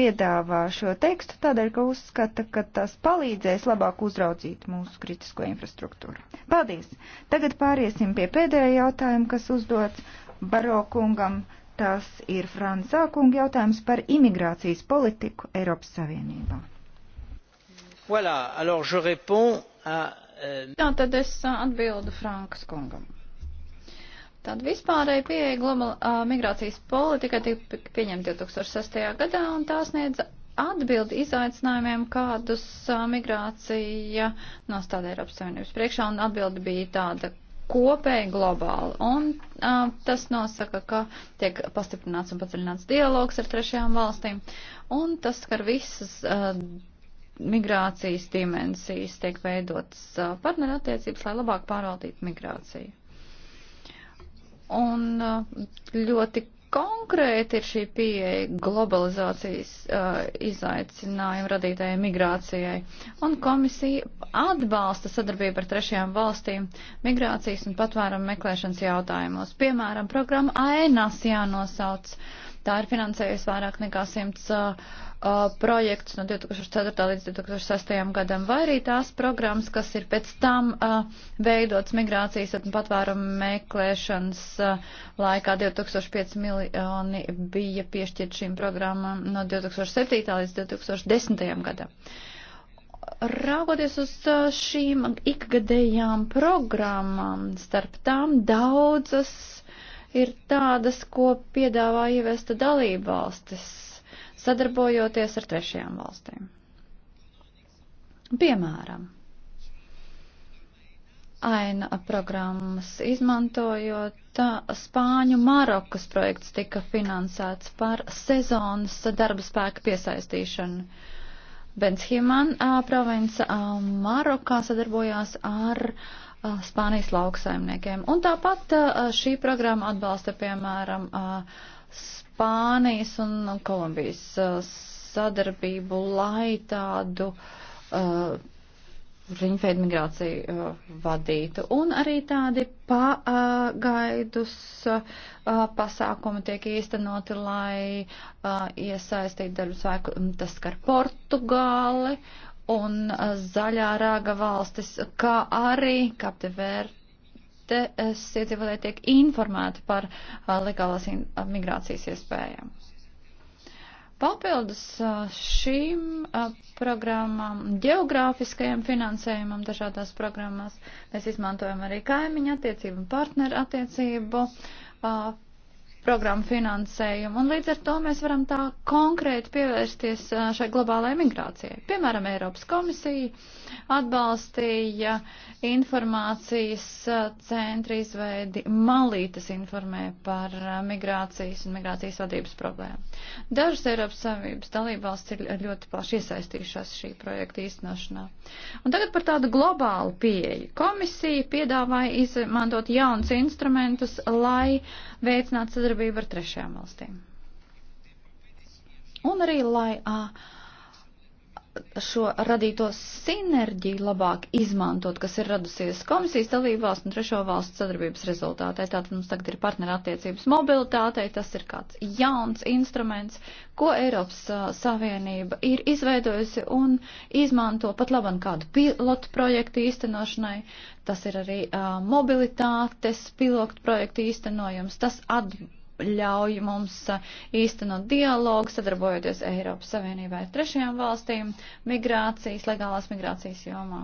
Speaker 1: piedāvā šo tekstu tādēļ, ka uzskata, ka tas palīdzēs labāk uzraudzīt mūsu kritisko infrastruktūru. Paldies! Tagad pāriesim pie pēdējā jautājuma, kas uzdots Barokungam Tas ir Frāna Sākunga jautājums par imigrācijas politiku Eiropas Savienībā.
Speaker 2: Voilà, alors je réponds à,
Speaker 3: euh... Tā tad es uh, atbildu Frankas kungam. Tāda vispārēja pieeja globāla uh, migrācijas politika tika pieņemta 2006. gadā un tā sniedza atbildi izaicinājumiem, kādus uh, migrācija nostāda Eiropas Savienības priekšā, un atbildi bija tāda, kopēji globāli. Un uh, tas nosaka, ka tiek pastiprināts un padziļināts dialogs ar trešajām valstīm, un tas skar visas uh, migrācijas dimensijas, tiek veidotas uh, partnerattiecības, lai labāk pārvaldītu migrāciju. Un uh, ļoti konkrēti ir šī pieeja globalizācijas uh, izaicinājumu radītajai migrācijai? Un komisija atbalsta sadarbību ar trešajām valstīm migrācijas un patvērumu meklēšanas jautājumos. Piemēram, programma AENAS jānosauc. Uh, Tā ir finansējusi vairāk nekā 100 uh, projektus no 2004. līdz 2006. gadam, vai arī tās programmas, kas ir pēc tam uh, veidotas migrācijas un patvērumu meklēšanas uh, laikā 2005 miljoni bija piešķirt šīm programmām no 2007. līdz 2010. gadam raugoties uz šīm ikgadējām programmām, starp tām daudzas ir tādas, ko piedāvā ievesta dalība valstis, sadarbojoties ar trešajām valstīm. Piemēram, aina programmas izmantojot Spāņu Marokas projekts tika finansēts par sezonas darba spēka piesaistīšanu. Benshiman province Marokā sadarbojās ar uh, Spānijas lauksaimniekiem. Un tāpat šī programma atbalsta, piemēram, Spānijas un Kolumbijas sadarbību, lai tādu uh, riņfeidu migrāciju uh, vadītu. Un arī tādi pagaidus uh, pasākumi tiek īstenoti, lai uh, iesaistītu darbu spēku. Tas skar Portugāli. Uh, un zaļā rāga valstis, kā arī kaptevērte iedzīvotāji tiek informēti par legālās migrācijas iespējām. Papildus šīm programmām, geogrāfiskajam finansējumam dažādās programmās, mēs izmantojam arī kaimiņu attiecību un partneru attiecību programmu finansējumu, un līdz ar to mēs varam tā konkrēti pievērsties šai globālajai migrācijai. Piemēram, Eiropas komisija atbalstīja informācijas centra izveidi malītas informē par migrācijas un migrācijas vadības problēmu. Dažas Eiropas Savienības dalībvalsts ir ļoti plaši iesaistījušās šī projekta īstenošanā. Un tagad par tādu globālu pieeju. Komisija piedāvāja izmantot jaunus instrumentus, lai veicināt sadarbību ar trešajām valstīm. Un arī, lai uh, šo radīto sinerģiju labāk izmantot, kas ir radusies komisijas dalībās un trešo valstu sadarbības rezultātē. Tātad mums tagad ir partnerattiecības mobilitātei, tas ir kāds jauns instruments, ko Eiropas uh, Savienība ir izveidojusi un izmanto pat labam kādu pilotu projektu īstenošanai. Tas ir arī uh, mobilitātes pilotu projektu īstenojums. Tas atbalsta ļauj mums uh, īstenot dialogu, sadarbojoties Eiropas Savienībā ar trešajām valstīm, migrācijas, legālās migrācijas jomā,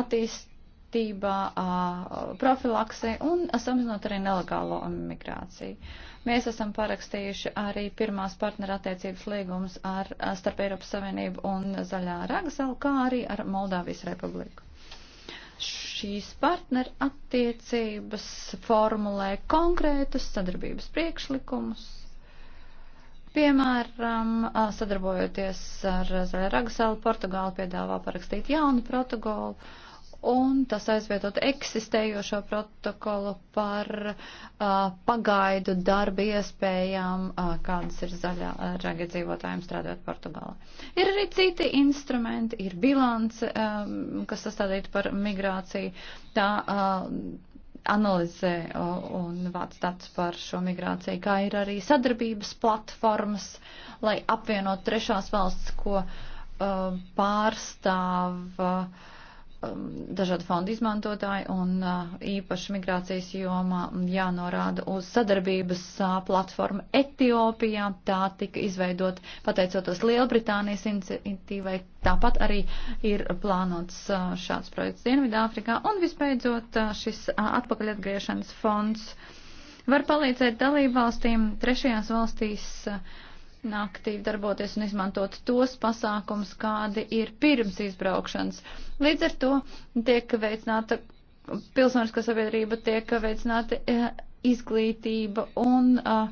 Speaker 3: attīstībā, uh, profilaksē un samazinot arī nelegālo migrāciju. Mēs esam parakstījuši arī pirmās partnerattiecības līgumus ar, uh, starp Eiropas Savienību un Zaļā Ragzala, kā arī ar Moldāvijas Republiku šīs partnerattiecības formulē konkrētus sadarbības priekšlikumus, piemēram, sadarbojoties ar Zvaigznes Portugāli, piedāvā parakstīt jaunu protokolu un tas aizvietot eksistējošo protokolu par uh, pagaidu darba iespējām, uh, kādas ir zaļā ragi dzīvotājiem strādājot Portugālē. Ir arī citi instrumenti, ir bilance, um, kas sastādīta par migrāciju. Tā uh, analizē uh, un vāc datus par šo migrāciju, kā ir arī sadarbības platformas, lai apvienot trešās valsts, ko uh, pārstāv. Uh, Um, dažādu fondu izmantotāji un uh, īpaši migrācijas jomā jānorāda uz sadarbības uh, platformu Etiopijā. Tā tika izveidot pateicoties Lielbritānijas iniciatīvai. Tāpat arī ir plānots uh, šāds projekts Dienvidāfrikā. Un visbeidzot šis atpakaļatgriešanas fonds var palīdzēt dalībvalstīm trešajās valstīs. Uh, aktīvi darboties un izmantot tos pasākums, kādi ir pirms izbraukšanas. Līdz ar to tiek veicināta pilsoniskā sabiedrība, tiek veicināta e, izglītība un uh,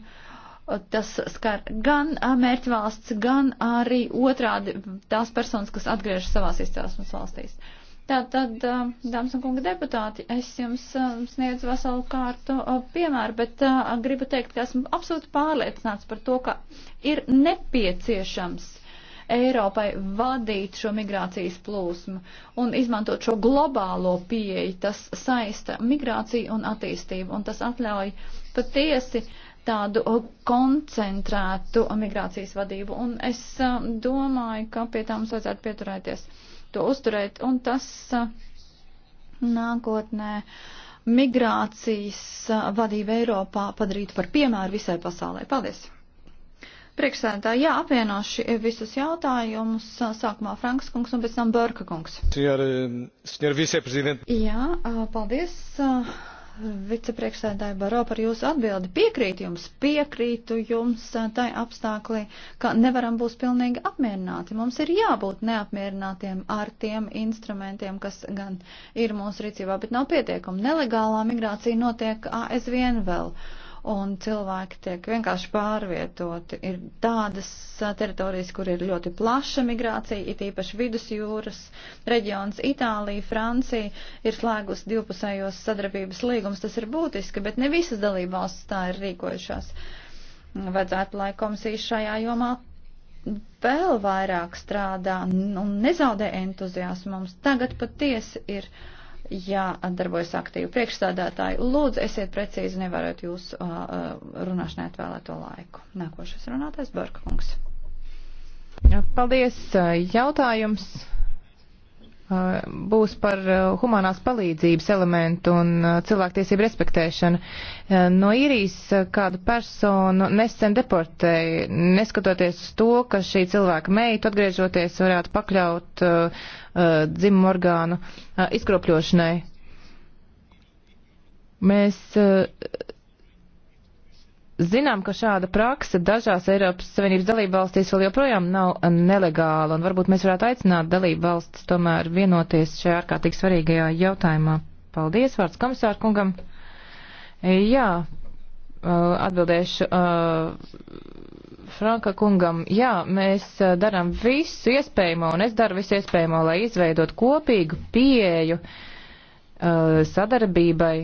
Speaker 3: tas skar gan mērķvalsts, gan arī otrādi tās personas, kas atgriežas savās izcelsmes valstīs. Uh, Tātad, dāmas un kungi deputāti, es jums sniedzu veselu kārtu piemēru, bet gribu teikt, ka esmu absolūti pārliecināts par to, ka ir nepieciešams Eiropai vadīt šo migrācijas plūsmu un izmantot šo globālo pieeju, tas saista migrāciju un attīstību, un tas atļauj patiesi tādu koncentrētu migrācijas vadību, un es domāju, ka pie tā mums vajadzētu pieturēties to uzturēt, un tas uh, nākotnē migrācijas uh, vadību Eiropā padarītu par piemēru visai pasaulē. Paldies! Priekšsēdētā, jā, apvienoši visus jautājumus. Uh, sākumā Franks kungs un pēc tam Börka kungs. Senior, eh,
Speaker 1: senior
Speaker 3: jā, paldies vicepriekšsēdāja Baro par jūsu atbildi. Piekrīt jums, piekrītu jums eh, tai apstāklī, ka nevaram būs pilnīgi apmierināti. Mums ir jābūt neapmierinātiem ar tiem instrumentiem, kas gan ir mūsu rīcībā, bet nav pietiekumi. Nelegālā migrācija notiek aizvien vēl. Uh, un cilvēki tiek vienkārši pārvietoti. Ir tādas teritorijas, kur ir ļoti plaša migrācija, it īpaši vidusjūras reģions Itālija, Francija ir slēgus divpusējos sadarbības līgums. Tas ir būtiski, bet ne visas dalībvalstis tā ir rīkojušās. Vajadzētu, lai komisija šajā jomā vēl vairāk strādā un nezaudē entuziasmu. Mums tagad patiesi ir jādarbojas aktīvi. Priekšstādātāji, lūdzu, esiet precīzi, nevarot jūs uh,
Speaker 2: uh runāšanai
Speaker 3: atvēlēto laiku. Nākošais runātais Borkungs.
Speaker 2: Paldies. Uh, jautājums Eh, būs par eh, humanās palīdzības elementu un eh, cilvēktiesību respektēšanu. No īrijas kādu personu nesen deportēja, neskatoties uz to, ka šī cilvēka meitu atgriežoties varētu pakļaut uh, dzimumu orgānu uh, izkropļošanai. Mēs uh, Zinām, ka šāda praksa dažās Eiropas Savienības dalībvalstīs vēl joprojām nav nelegāla, un varbūt mēs varētu aicināt dalībvalstis tomēr vienoties šajā ārkārtīgi svarīgajā jautājumā. Paldies, vārds komisāru kungam. Jā, atbildēšu Franka kungam. Jā, mēs darām visu iespējamo, un es daru visu iespējamo, lai izveidot kopīgu pieeju. Uh, Uh, sadarbībai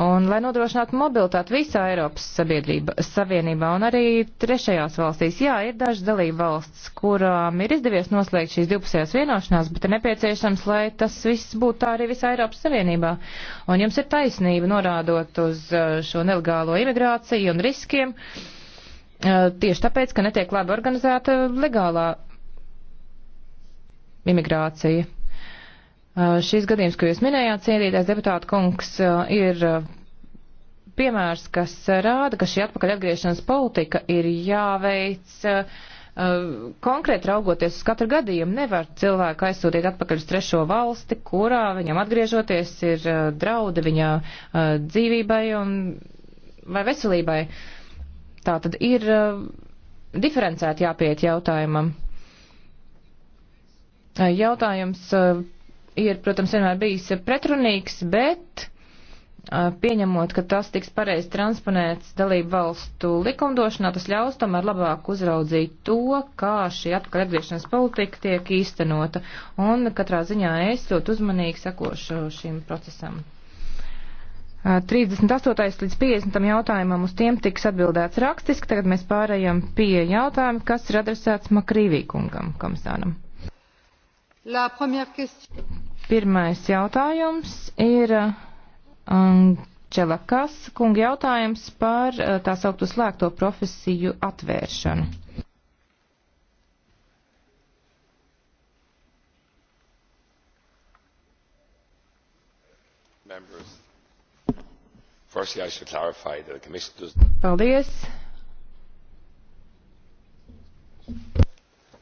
Speaker 2: un lai nodrošinātu mobilitāti visā Eiropas sabiedrība, Savienībā un arī trešajās valstīs. Jā, ir dažas dalība valsts, kurām ir izdevies noslēgt šīs divpusējās vienošanās, bet ir nepieciešams, lai tas viss būtu tā arī visā Eiropas Savienībā. Un jums ir taisnība norādot uz uh, šo nelegālo imigrāciju un riskiem, uh, tieši tāpēc, ka netiek labi organizēta legālā imigrācija. Uh, Šīs gadījums, ko jūs minējāt, cienītais deputāta kungs, uh, ir uh, piemērs, kas rāda, ka šī atpakaļ atgriešanās politika ir jāveic konkrēti raugoties uz katru gadījumu. Nevar cilvēku aizsūtīt atpakaļ uz trešo valsti, kurā viņam atgriežoties ir drauda viņa dzīvībai un vai veselībai. Tā tad ir diferencēti jāpiet jautājumam. Jautājums ir, protams, vienmēr bijis pretrunīgs, bet pieņemot, ka tas tiks pareizi transponēts dalību valstu likumdošanā, tas ļaus tomēr labāk uzraudzīt to, kā šī atpakaļ atgriešanās politika tiek īstenota. Un katrā ziņā es ļoti uzmanīgi sekošu šim procesam. 38. līdz 50. jautājumam uz tiem tiks atbildēts rakstiski. Tagad mēs pārējām pie jautājuma, kas ir adresēts Makrīvī kungam, komisāram. Pirmais jautājums ir um, Čelakas kunga jautājums par uh, tā sauktu slēgto profesiju atvēršanu. Paldies.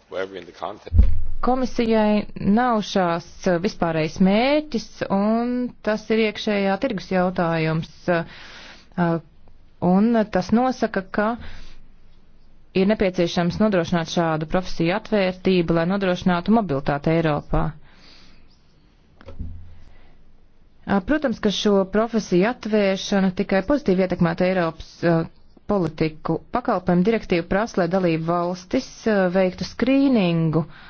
Speaker 2: Wherever in the context. Komisijai nav šās uh, vispārējais mērķis, un tas ir iekšējā tirgus jautājums. Uh, un tas nosaka, ka ir nepieciešams nodrošināt šādu profesiju atvērtību, lai nodrošinātu mobilitāti Eiropā. Uh, protams, ka šo profesiju atvēršana tikai pozitīvi ietekmētu Eiropas uh, politiku. Pakalpojumu direktīva prasa, lai dalību valstis uh, veiktu skrīningu uh,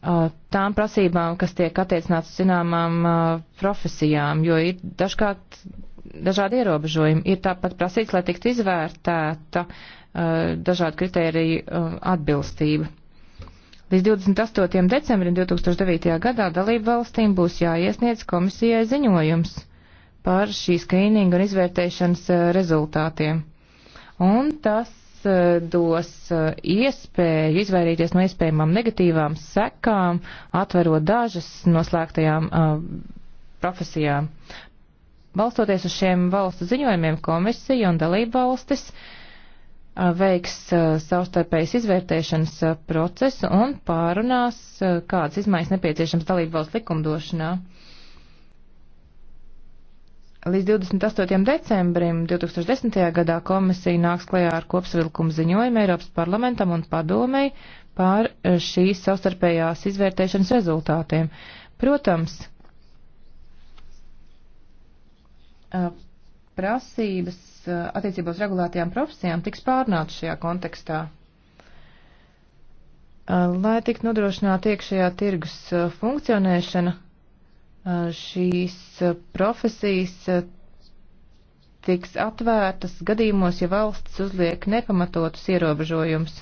Speaker 2: Uh, tām prasībām, kas tiek attiecināts zināmām uh, profesijām, jo ir dažkārt dažādi ierobežojumi. Ir tāpat prasīts, lai tiktu izvērtēta uh, dažādu kritēriju atbilstība. Līdz 28. decembrim 2009. gadā dalību valstīm būs jāiesniedz komisijai ziņojums par šī skrīninga un izvērtēšanas rezultātiem. Un tas Eh, dos eh, iespēju izvairīties no iespējamām negatīvām sekām, atverot dažas noslēgtajām eh, profesijām. Balstoties uz šiem valstu ziņojumiem, komisija un dalība valstis veiks savstarpējas izvērtēšanas procesu un pārunās, kādas izmaiņas nepieciešams dalību valsts likumdošanā. Līdz 28. decembrim 2010. gadā komisija nāks klajā ar kopsvilkumu ziņojumu Eiropas parlamentam un padomei pār eh, šīs savstarpējās izvērtēšanas rezultātiem. Protams, eh, prasības eh, attiecībos regulētajām profesijām tiks pārnāts šajā kontekstā. Lai tik nodrošinātu iekšējā tirgus funkcionēšana, šīs profesijas tiks atvērtas gadījumos, ja valsts uzliek nepamatotus ierobežojumus.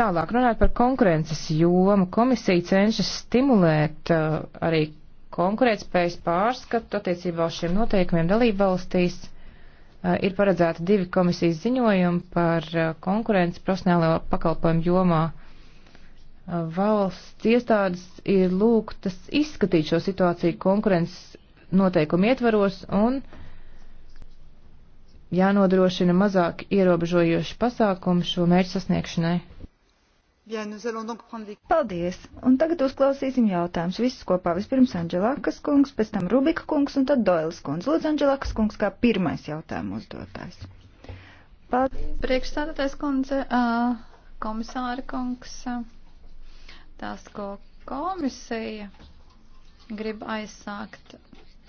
Speaker 2: Tālāk runāt par konkurences jomu. Komisija cenšas stimulēt uh, arī konkurētspējas pārskatu attiecībā uz šiem noteikumiem dalībvalstīs. valstīs Eh, ir paredzēti divi komisijas ziņojumi par eh, konkurences profesionālo pakalpojumu jomā. Eh, valsts iestādes ir lūgtas izskatīt šo situāciju konkurences noteikumu ietvaros un jānodrošina mazāk ierobežojoši pasākumi šo mērķu sasniegšanai.
Speaker 1: Paldies! Un tagad uzklausīsim jautājumus visus kopā. Vispirms Anģelākas kungs, pēc tam Rubika kungs un tad Doilas kungs. Lūdzu, Anģelākas kungs kā pirmais jautājumu uzdotājs.
Speaker 3: Paldies! Priekšstādātais kundze, komisāra kungs, tās, ko komisija grib aizsākt,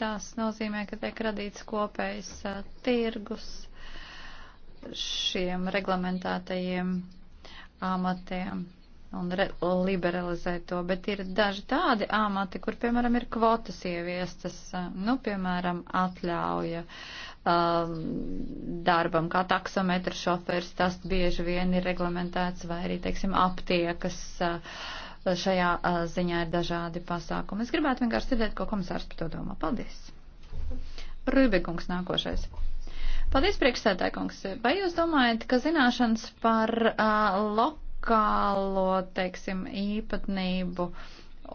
Speaker 3: tas nozīmē, ka tiek radīts kopējs tirgus šiem reglamentētajiem amatiem un liberalizēt to, bet ir daži tādi amati, kur, piemēram, ir kvotas ieviestas, nu, piemēram, atļauja um, darbam, kā taksometra šofers, tas bieži vien ir reglamentēts, vai arī, teiksim, aptiekas. Uh, šajā uh, ziņā ir dažādi pasākumi. Es gribētu vienkārši dzirdēt, ko komisārs par to domā. Paldies! Rūbekungs nākošais. Paldies, priekšsēdētājkungs. Vai jūs domājat, ka zināšanas par uh, lokālo, teiksim, īpatnību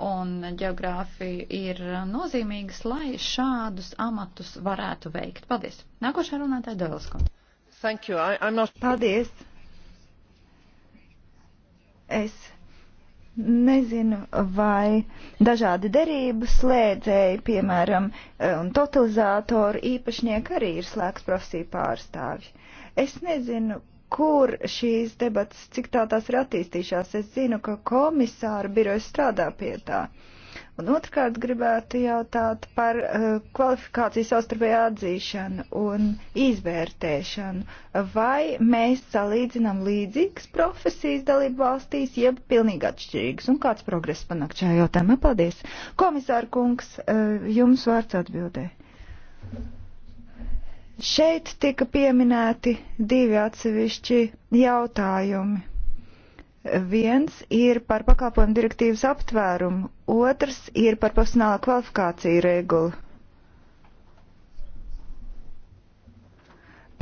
Speaker 3: un geogrāfiju ir nozīmīgas, lai šādus amatus varētu veikt? Paldies. Nākošā runātāja Doilsko. Thank you. I, I'm not... Paldies. Es Nezinu,
Speaker 1: vai dažādi derību slēdzēji, piemēram, e, un totalizātoru īpašnieki arī ir slēgts profesiju pārstāvji. Es nezinu, kur šīs debatas, cik tā tās ir attīstījušās. Es zinu, ka komisāra biroja strādā pie tā. Uh, Un otrkārt gribētu jautāt par uh, kvalifikāciju savstarpēju atzīšanu un izvērtēšanu. Vai mēs salīdzinām līdzīgas profesijas dalību valstīs, jeb pilnīgi atšķirīgas? Un kāds progress panākt šajā jautājumā? Paldies! Komisāra kungs, uh, jums vārds atbildē. Šeit tika pieminēti divi atsevišķi jautājumi Viens ir par pakalpojumu direktīvas aptvērumu, otrs ir par profesionālā kvalifikāciju regulu.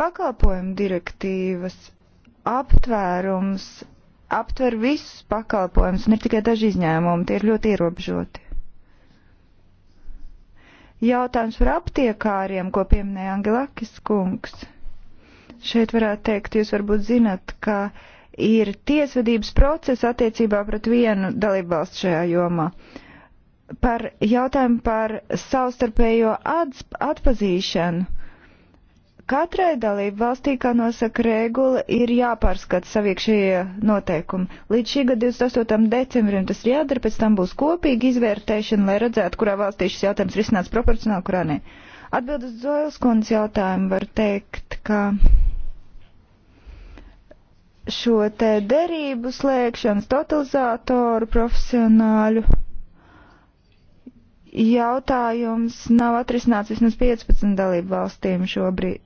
Speaker 1: Pakalpojumu direktīvas aptvērums aptver visus pakalpojumus un ir tikai daži izņēmumi, tie ir ļoti ierobežoti. Jautājums par aptiekāriem, ko pieminēja Angelakis kungs. Šeit varētu teikt, jūs varbūt zinat, ka uh, ir tiesvedības process attiecībā pret vienu dalībvalstu šajā jomā. Par jautājumu par savstarpējo atpazīšanu. Katrai dalību valstī, kā nosaka regula, ir jāpārskata saviekšējie noteikumi. Līdz šī gada 28. decembrim tas ir jādara, pēc tam būs kopīga izvērtēšana, lai redzētu, kurā valstī šis jautājums risināts proporcionāli, kurā nē. Atbild uz Zoils kundzes jautājumu var teikt, ka šo te derību slēgšanas totalizatoru profesionāļu jautājums nav atrisināts vismaz 15 dalību valstīm šobrīd.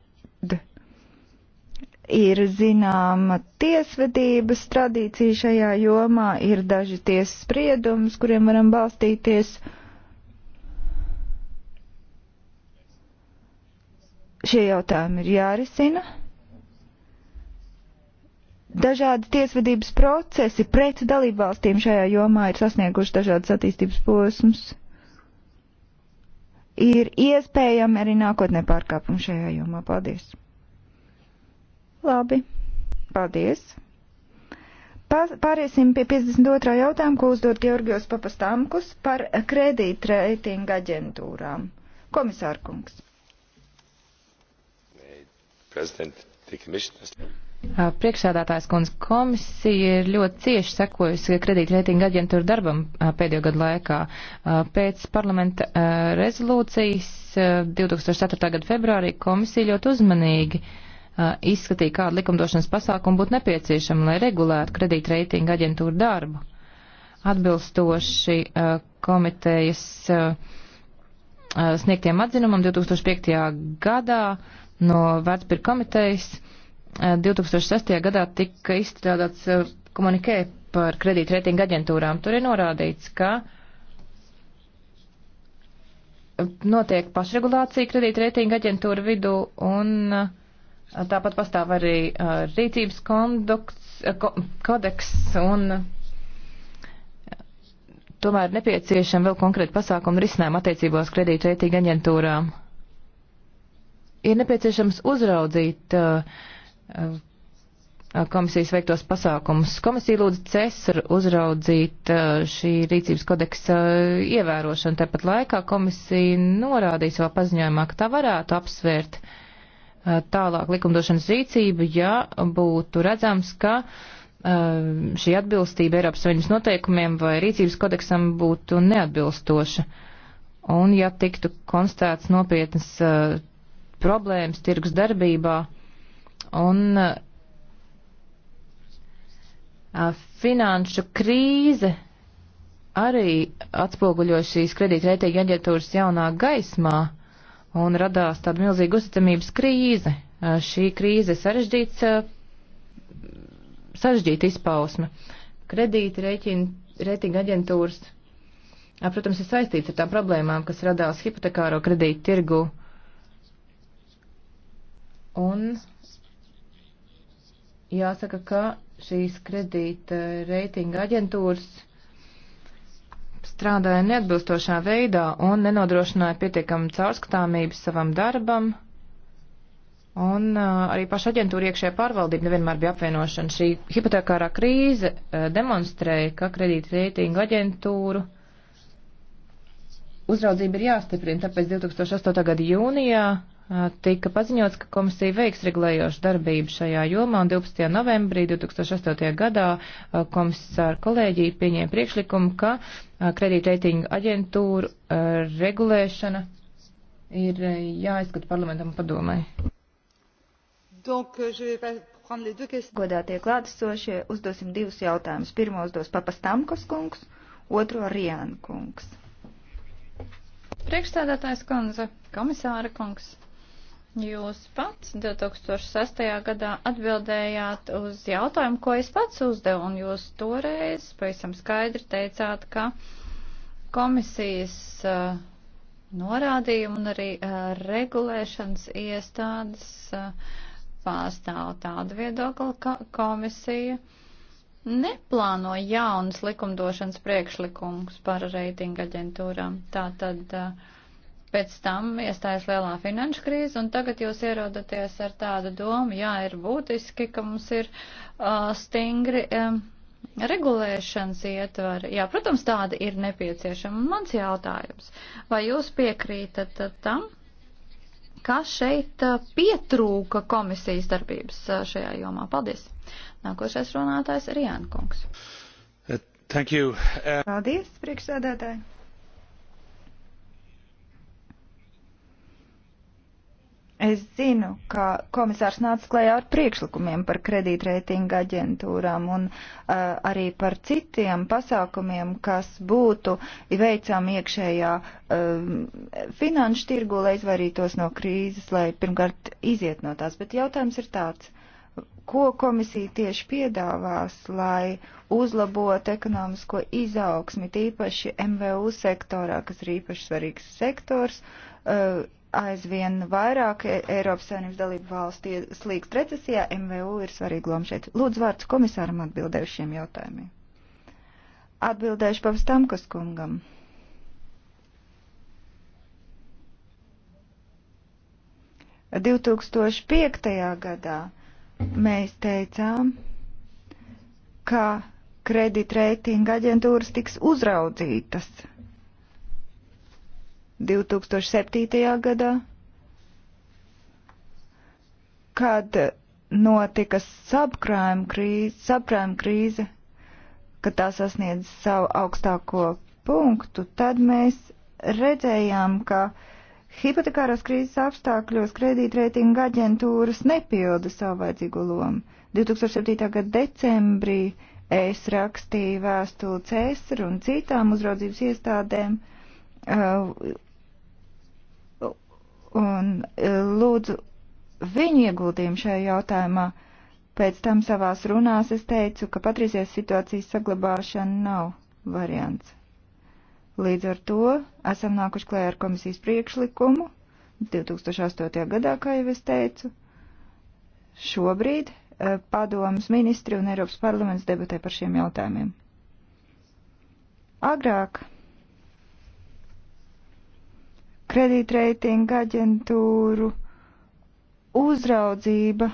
Speaker 1: Ir zināma tiesvedības tradīcija šajā jomā, ir daži tiesas spriedums, kuriem varam balstīties. Šie jautājumi ir jārisina. Dažādi tiesvedības procesi pret dalībvalstīm šajā jomā ir sasnieguši dažādas attīstības posmus. Ir iespējami arī nākotnē pārkāpumi šajā jomā. Paldies! Labi, paldies! Pāriesim pie 52. jautājuma, ko uzdod Georgios Papastamkus par kredītreitinga aģentūrām. Komisārkungs.
Speaker 3: President, the commissioners.
Speaker 2: Priekšsādātājs kundze komisija ir ļoti cieši sekojusi kredītreitinga aģentūra darbam pēdējo gadu laikā. Pēc parlamenta rezolūcijas 2004. gada februārī komisija ļoti uzmanīgi izskatīja, kādu likumdošanas pasākumu būtu nepieciešama, lai regulētu kredītreitinga aģentūra darbu. Atbilstoši komitejas sniegtiem atzinumam 2005. gadā no Vērtspirka komitejas 2006. Eh, gadā tika izstrādāts eh, komunikē par kredītreitinga aģentūrām. Tur ir norādīts, ka eh, notiek pašregulācija kredītreitinga aģentūra vidū un tāpat pastāv arī rīcības kondukts, ko, kodeks un tomēr nepieciešama vēl konkrēta pasākuma risinājuma attiecībās kredītreitinga aģentūrām. Ir nepieciešams uzraudzīt uh, komisijas veiktos pasākumus. Komisija lūdz CESR uzraudzīt šī rīcības kodeksa ievērošanu. Tāpat laikā komisija norādīja savā paziņojumā, ka tā varētu apsvērt tālāk likumdošanas rīcību, ja būtu redzams, ka šī atbilstība Eiropas Savienības noteikumiem vai rīcības kodeksam būtu neatbilstoša. Un ja tiktu konstatēts nopietnas problēmas tirgus darbībā, un finanšu krīze arī atspoguļo šīs kredītreitīga aģentūras jaunā gaismā un radās tāda milzīga uzticamības krīze. Šī krīze sarežģīts, sarežģīta izpausme. Kredītreitīga aģentūras, protams, ir saistīts ar tām problēmām, kas radās hipotekāro kredītu tirgu. Un jāsaka, ka šīs kredīta reitinga aģentūras strādāja neatbilstošā veidā un nenodrošināja pietiekamu caurskatāmību savam darbam. Un uh, arī paša aģentūra iekšējā pārvaldība nevienmēr bija apvienošana. Šī hipotekārā krīze uh, demonstrēja, ka kredīta reitingu aģentūru uzraudzība ir jāstiprina, tāpēc 2008. gada jūnijā uh, tika paziņots, ka komisija veiks regulējošu darbību šajā jomā, un 12. novembrī 2008. gadā komisāra kolēģija pieņēma priekšlikumu, ka kredītreitinga aģentūru regulēšana ir jāizskata parlamentam padomai.
Speaker 1: Euh, Godātie klātesošie, uzdosim divus jautājumus. Pirmo uzdos papastamkos kungs, otro Riāna kungs.
Speaker 3: Priekšstādātājs kundze, komisāra kungs. Jūs pats 2006. gadā atbildējāt uz jautājumu, ko es pats uzdevu, un jūs toreiz pavisam skaidri teicāt, ka komisijas uh, norādījumi un arī uh, regulēšanas iestādes uh, pārstāv tādu viedokli, ka komisija neplāno jaunas likumdošanas priekšlikumus par reitinga aģentūrām. Tātad, uh, Pēc tam iestājas lielā finanšu krīze, un tagad jūs ierodaties ar tādu domu, jā, ir būtiski, ka mums ir uh, stingri um, regulēšanas ietvari. Jā, protams, tāda ir nepieciešama. Mans jautājums, vai jūs piekrītat tam, kā šeit pietrūka komisijas darbības šajā jomā? Paldies. Nākošais runātājs ir Jānkungs. Thank you. Uh... Paldies, priekšsēdētāji.
Speaker 1: Es zinu, ka komisārs nāca klajā ar priekšlikumiem par kredītreitinga aģentūrām un uh, arī par citiem pasākumiem, kas būtu veicami iekšējā uh, finanšu tirgu, lai izvairītos no krīzes, lai pirmkārt iziet no tās. Bet jautājums ir tāds, ko komisija tieši piedāvās, lai uzlabotu ekonomisko izaugsmi, tīpaši MVU sektorā, kas ir īpaši svarīgs sektors. Uh, aizvien vairāk e- Eiropas Savienības dalību valsti slīkst recesijā, MVU ir svarīga loma šeit. Lūdzu vārds komisāram atbildēju šiem jautājumiem. Atbildēšu pavs Tamkas kungam. - 2005. gadā mēs teicām, ka kreditreitinga aģentūras tiks uzraudzītas 2007. gadā, kad notika subkrājuma krīze, subkrājuma krīze, kad tā sasniedz savu augstāko punktu, tad mēs redzējām, ka hipotekārās krīzes apstākļos kredītreitinga aģentūras nepilda savu vajadzīgo lomu. 2007. gada decembrī es rakstīju vēstuli Cēsar un citām uzraudzības iestādēm, uh, Un e, lūdzu viņu ieguldījumu šajā jautājumā. Pēc tam savās runās es teicu, ka patreizies situācijas saglabāšana nav variants. Līdz ar to esam nākuši klē ar komisijas priekšlikumu 2008. gadā, kā jau es teicu. Šobrīd e, padomas ministri un Eiropas parlaments debatē par šiem jautājumiem. Agrāk kredītreitinga aģentūru uzraudzība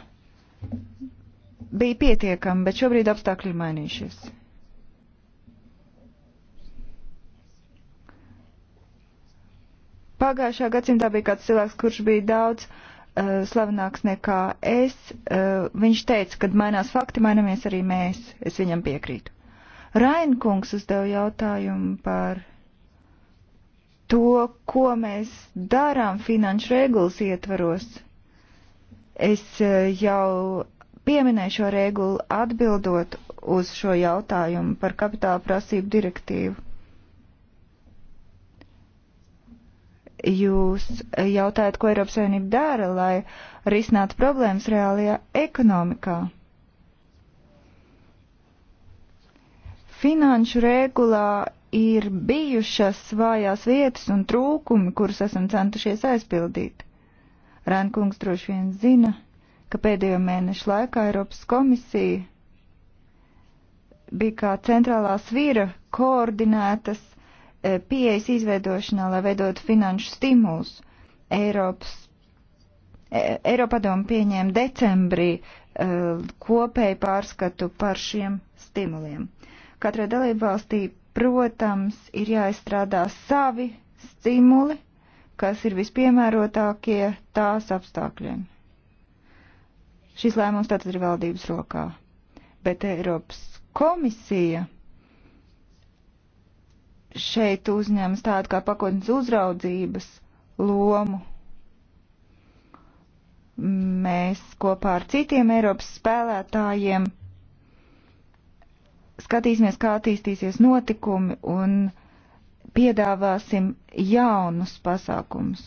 Speaker 1: bija pietiekama, bet šobrīd apstākļi ir mainījušies. Pagājušā gadsimtā bija kāds cilvēks, kurš bija daudz uh, slavenāks nekā es. Uh, viņš teica, kad mainās fakti, mainamies arī mēs. Es viņam piekrītu. Rainkungs uzdeva jautājumu par to, ko mēs darām finanšu regulas ietvaros. Es e, jau pieminēju šo regulu atbildot uz šo jautājumu par kapitāla prasību direktīvu. Jūs jautājat, ko Eiropas Savienība dara, lai risinātu problēmas reālajā ekonomikā. Finanšu regulā ir bijušas vājās vietas un trūkumi, kurus esam centušies aizpildīt. Rankungs droši vien zina, ka pēdējo mēnešu laikā Eiropas komisija bija kā centrālā svira koordinētas e, pieejas izveidošanā, lai veidotu finanšu stimulus. Eiropas, e, Eiropadomu pieņēma decembrī e, kopēju pārskatu par šiem stimuliem. Katrai dalībvalstī Protams, ir jāizstrādā savi stimuli, kas ir vispiemērotākie tās apstākļiem. Šis lēmums tātad ir valdības rokā, bet Eiropas komisija šeit uzņemas tādu kā pakotnes uzraudzības lomu. Mēs kopā ar citiem Eiropas spēlētājiem skatīsimies, kā attīstīsies notikumi un piedāvāsim jaunus pasākumus.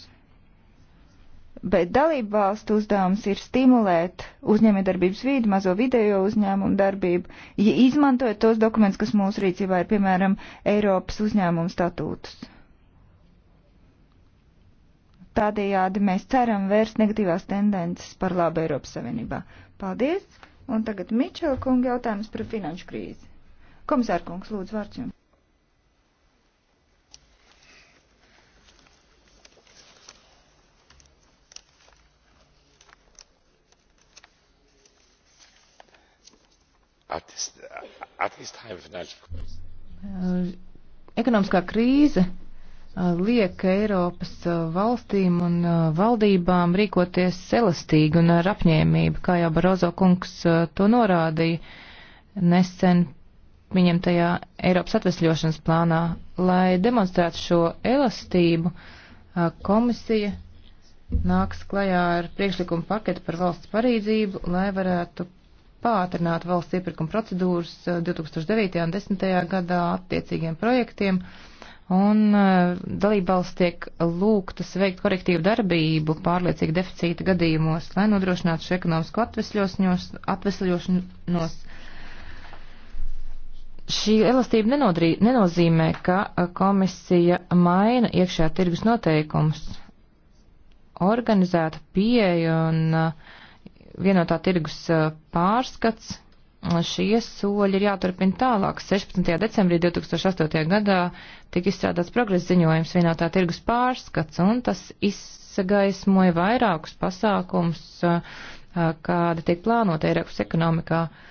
Speaker 1: Bet dalību valstu uzdevums ir stimulēt uzņēmējdarbības vīdu, mazo video uzņēmumu darbību, ja izmantojot tos dokumentus, kas mūsu rīcībā ir, piemēram, Eiropas uzņēmumu statūtus. Tādējādi mēs ceram vērst negatīvās tendences par labu Eiropas Savienībā. Paldies! Un tagad Mičela kunga jautājums par finanšu krīzi. Komisārkungs, lūdzu, vārds jums.
Speaker 2: Uh, ekonomiskā krīze uh, liek Eiropas uh, valstīm un valdībām rīkoties elastīgi un ar apņēmību, kā jau Barozo kungs to norādīja. Nesen pieņemtajā Eiropas atvesļošanas plānā. Lai demonstrētu šo elastību, komisija nāks klajā ar priekšlikumu paketu par valsts parīdzību, lai varētu pātrināt valsts iepirkuma procedūras 2009. un 2010. gadā attiecīgiem projektiem, un dalībvalsts tiek lūgtas veikt korektīvu darbību pārliecīga deficīta gadījumos, lai nodrošinātu šo ekonomisko atvesļošanos Šī elastība nenodrī, nenozīmē, ka komisija maina iekšējā tirgus noteikumus. Organizēta pieeja un vienotā tirgus pārskats šie soļi ir jāturpina tālāk. 16. decembrī 2008. gadā tika izstrādāts progresa ziņojums vienotā tirgus pārskats, un tas izsagaismoja vairākus pasākums, kādi tiek plānoti Eiropas ekonomikā. Uh,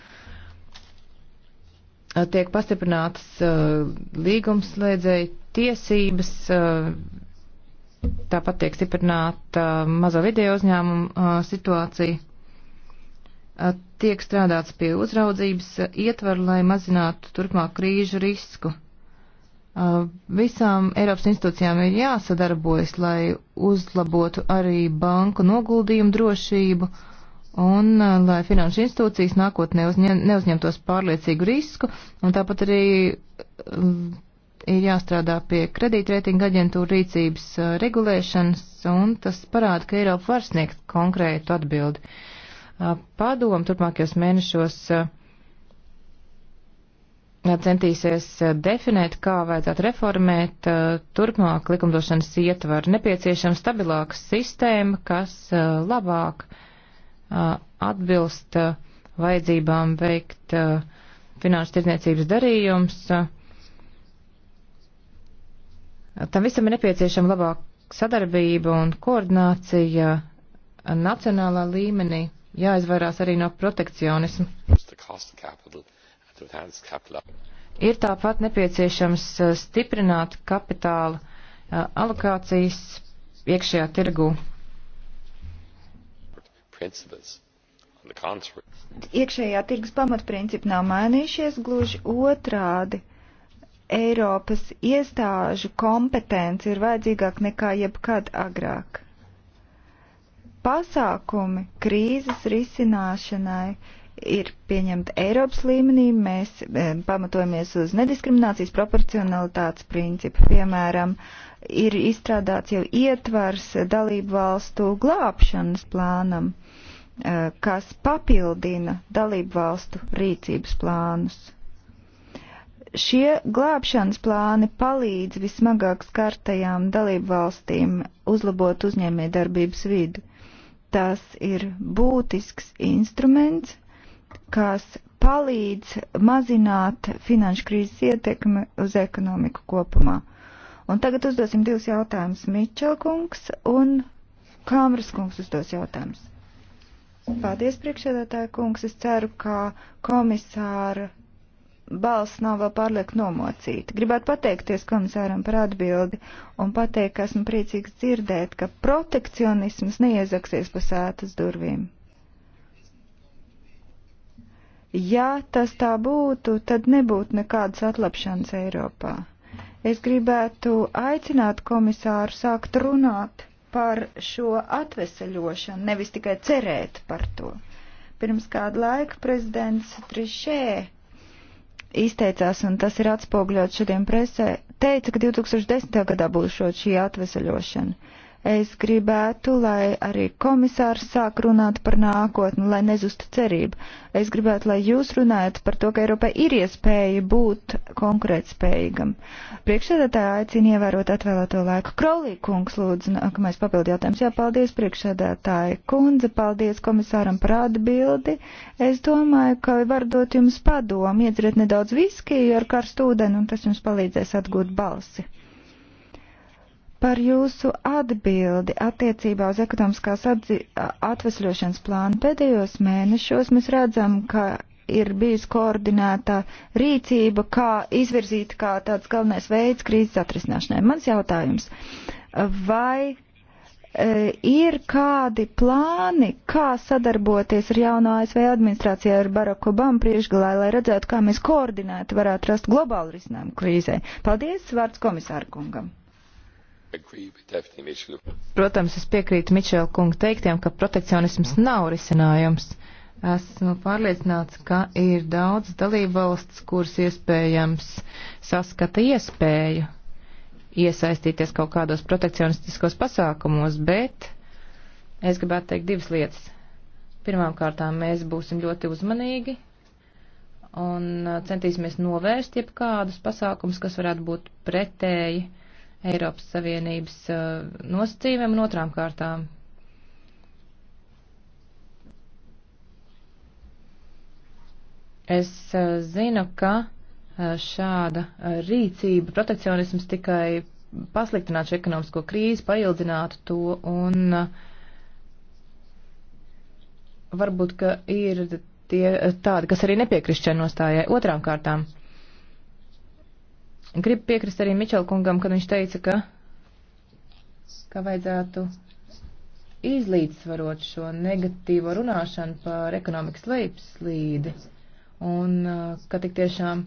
Speaker 2: Eh, tiek pastiprinātas uh, eh, līgumslēdzēju tiesības, uh, tāpat tiek stiprināta uh, mazo video uzņēmumu uh, situācija. Uh, tiek strādāts pie uzraudzības uh, ietvaru, lai mazinātu turpmāk krīžu risku. Uh, visām Eiropas institūcijām ir jāsadarbojas, lai uzlabotu arī banku noguldījumu drošību. Uh, un uh, lai finanšu institūcijas nākotnē uzņem, neuzņemtos pārliecīgu risku, un tāpat arī uh, ir jāstrādā pie kredītreitinga aģentūra rīcības uh, regulēšanas, un tas parāda, ka Eiropa var sniegt konkrētu atbildi. Padomu turpmākajos mēnešos centīsies definēt, kā vajadzētu reformēt turpmāk likumdošanas ietvaru. Nepieciešama stabilāka sistēma, kas labāk uh, atbilst vajadzībām veikt finanšu tirdzniecības darījums. Tam visam ir nepieciešama labāka sadarbība un koordinācija nacionālā līmenī, jāizvairās arī no protekcionismu. Ir tāpat nepieciešams stiprināt kapitāla alokācijas iekšējā tirgū principles. Iekšējā tirgus
Speaker 1: pamatprincipi nav mainījušies, gluži otrādi. Eiropas iestāžu kompetence ir vajadzīgāk nekā jebkad agrāk. Pasākumi krīzes risināšanai ir pieņemta Eiropas līmenī, mēs eh, pamatojamies uz nediskriminācijas proporcionalitātes principu. Piemēram, ir izstrādāts jau ietvars dalību valstu glābšanas plānam, eh, kas papildina dalību valstu rīcības plānus. Šie glābšanas plāni palīdz vismagāk skartajām dalību valstīm uzlabot uzņēmē darbības vidu. Tas ir būtisks instruments, kas palīdz mazināt finanšu krīzes ietekmi uz ekonomiku kopumā. Un tagad uzdosim divus jautājumus. Mičelkungs un Kāmras kungs uzdos jautājumus. Paldies, priekšsēdētāja kungs. Es ceru, ka komisāra balss nav vēl pārliek nomocīta. Gribētu pateikties komisāram par atbildi un pateikt, ka esmu priecīgs dzirdēt, ka protekcionisms neiezaksies pa sētas durvīm. Ja tas tā būtu, tad nebūtu nekādas atlapšanas Eiropā. Es gribētu aicināt komisāru sākt runāt par šo atveseļošanu, nevis tikai cerēt par to. Pirms kādu laiku prezidents Trišē izteicās, un tas ir atspogļots šodien presē, teica, ka 2010. gadā būs šī atveseļošana. Es gribētu, lai arī komisārs sāk runāt par nākotni, lai nezustu cerību. Es gribētu, lai jūs runājat par to, ka Eiropai ir iespēja būt konkurētspējīgam. Priekšsēdētāja aicina ievērot atvēlēto laiku. Krolī kungs lūdzu, nākamais papildi jautājums. Jā, paldies priekšsēdētāja kundze, paldies komisāram par atbildi. Es domāju, ka var dot jums padomu, iedzeriet nedaudz viskiju ar karstu ūdeni un tas jums palīdzēs atgūt balsi par jūsu atbildi attiecībā uz ekonomiskās atvesļošanas plānu. Pēdējos mēnešos mēs redzam, ka ir bijis koordinēta rīcība, kā izvirzīt kā tāds galvenais veids krīzes atrisināšanai. Mans jautājums, vai e, ir kādi plāni, kā sadarboties ar jauno ASV administrāciju, ar Baraku Obamu priekšgalā, lai redzētu, kā mēs koordinēti varētu rast globālu risinājumu krīzē? Paldies, vārds komisāru kungam!
Speaker 2: Protams, es piekrītu Mičela kunga teiktiem, ka protekcionisms nav risinājums. Esmu pārliecināts, ka ir daudz dalībvalsts, kuras iespējams saskata iespēju iesaistīties kaut kādos protekcionistiskos pasākumos, bet es gribētu teikt divas lietas. Pirmkārt, mēs būsim ļoti uzmanīgi un uh, centīsimies novērst jebkādus pasākumus, kas varētu būt pretēji uh, Eiropas Savienības uh, nosacījumiem un otrām kārtām. Es uh, zinu, ka uh, šāda rīcība, protekcionisms tikai pasliktinātu ekonomisko krīzi, paildzinātu to un varbūt, ka ir tie tādi, kas arī nepiekrišķē nostājai otrām kārtām. Uh, Gribu piekrist arī Mičelkungam, kad viņš teica, ka, ka vajadzētu izlīdzsvarot šo negatīvo runāšanu par ekonomikas lejupslīdi un uh, ka tik tiešām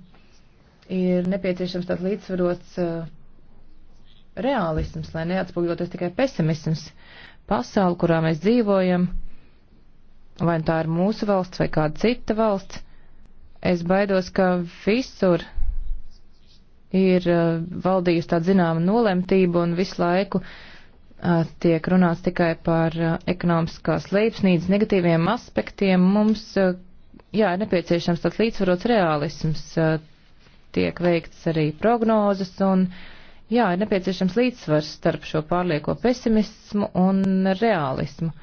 Speaker 2: ir nepieciešams tāds līdzsvarots uh, realisms, lai neatspūgļoties tikai pesimisms. Pasauli, kurā mēs dzīvojam, vai tā ir mūsu valsts vai kāda cita valsts, es baidos, ka visur ir uh, valdījusi tāda zināma nolemtība un visu laiku uh, tiek runāts tikai par uh, ekonomiskās leipsnīdas negatīviem aspektiem. Mums, jā, ir nepieciešams tāds līdzsvarots realisms, tiek veikts arī prognozes un, jā, ir nepieciešams līdzsvars starp šo pārlieko pesimismu un realismu.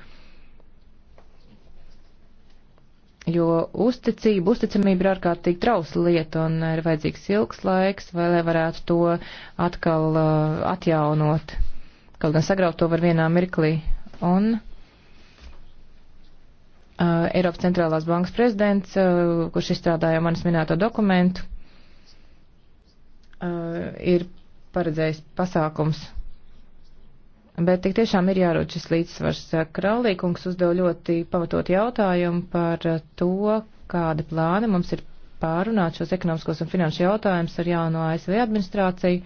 Speaker 2: jo uzticība, uzticamība ir ārkārtīgi trausla lieta un ir vajadzīgs ilgs laiks, vai lai varētu to atkal uh, atjaunot. Kaut gan sagraut to var vienā mirklī. Un uh, Eiropas centrālās bankas prezidents, uh, kurš izstrādāja manis minēto dokumentu, uh, ir paredzējis pasākums Bet tik tiešām ir jārūt šis līdzsvars. Kraulīkungs uzdev ļoti pamatot jautājumu par to, kādi plāni mums ir pārunāt šos ekonomiskos un finanšu jautājumus ar jauno ASV administrāciju.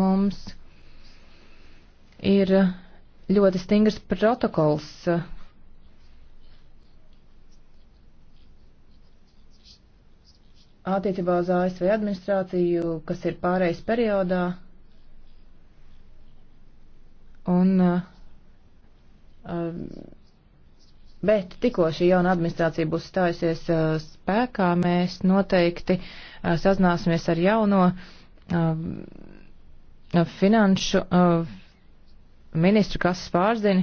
Speaker 2: Mums ir ļoti stingrs protokols. Attiecībā uz ASV administrāciju, kas ir pārējais periodā, Un, uh, um, bet tikko šī jauna administrācija būs stājusies uh, spēkā, mēs noteikti uh, sazināsimies ar jauno um, finanšu ministru kases pārzini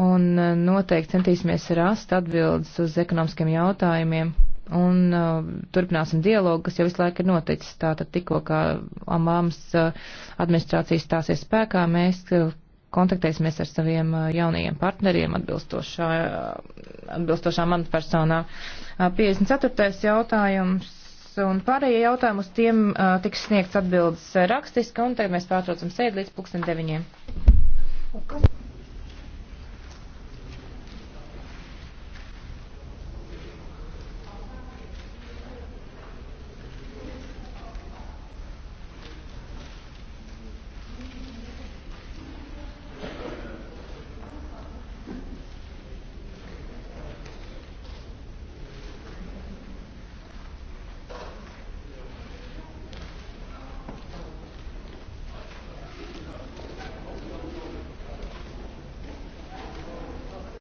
Speaker 2: un noteikti centīsimies rast atbildes uz ekonomiskiem jautājumiem un uh, turpināsim dialogu, kas jau visu laiku ir noticis. Tātad tikko, kā Amāmas uh, administrācijas stāsies spēkā, mēs uh, kontaktēsimies ar saviem jaunajiem partneriem atbilstošā, atbilstošā amatpersonā. 54. jautājums un pārējie jautājumi uz tiem tiks sniegts atbildes rakstiski, un tagad mēs pārtraucam sēdi līdz pulksten deviņiem.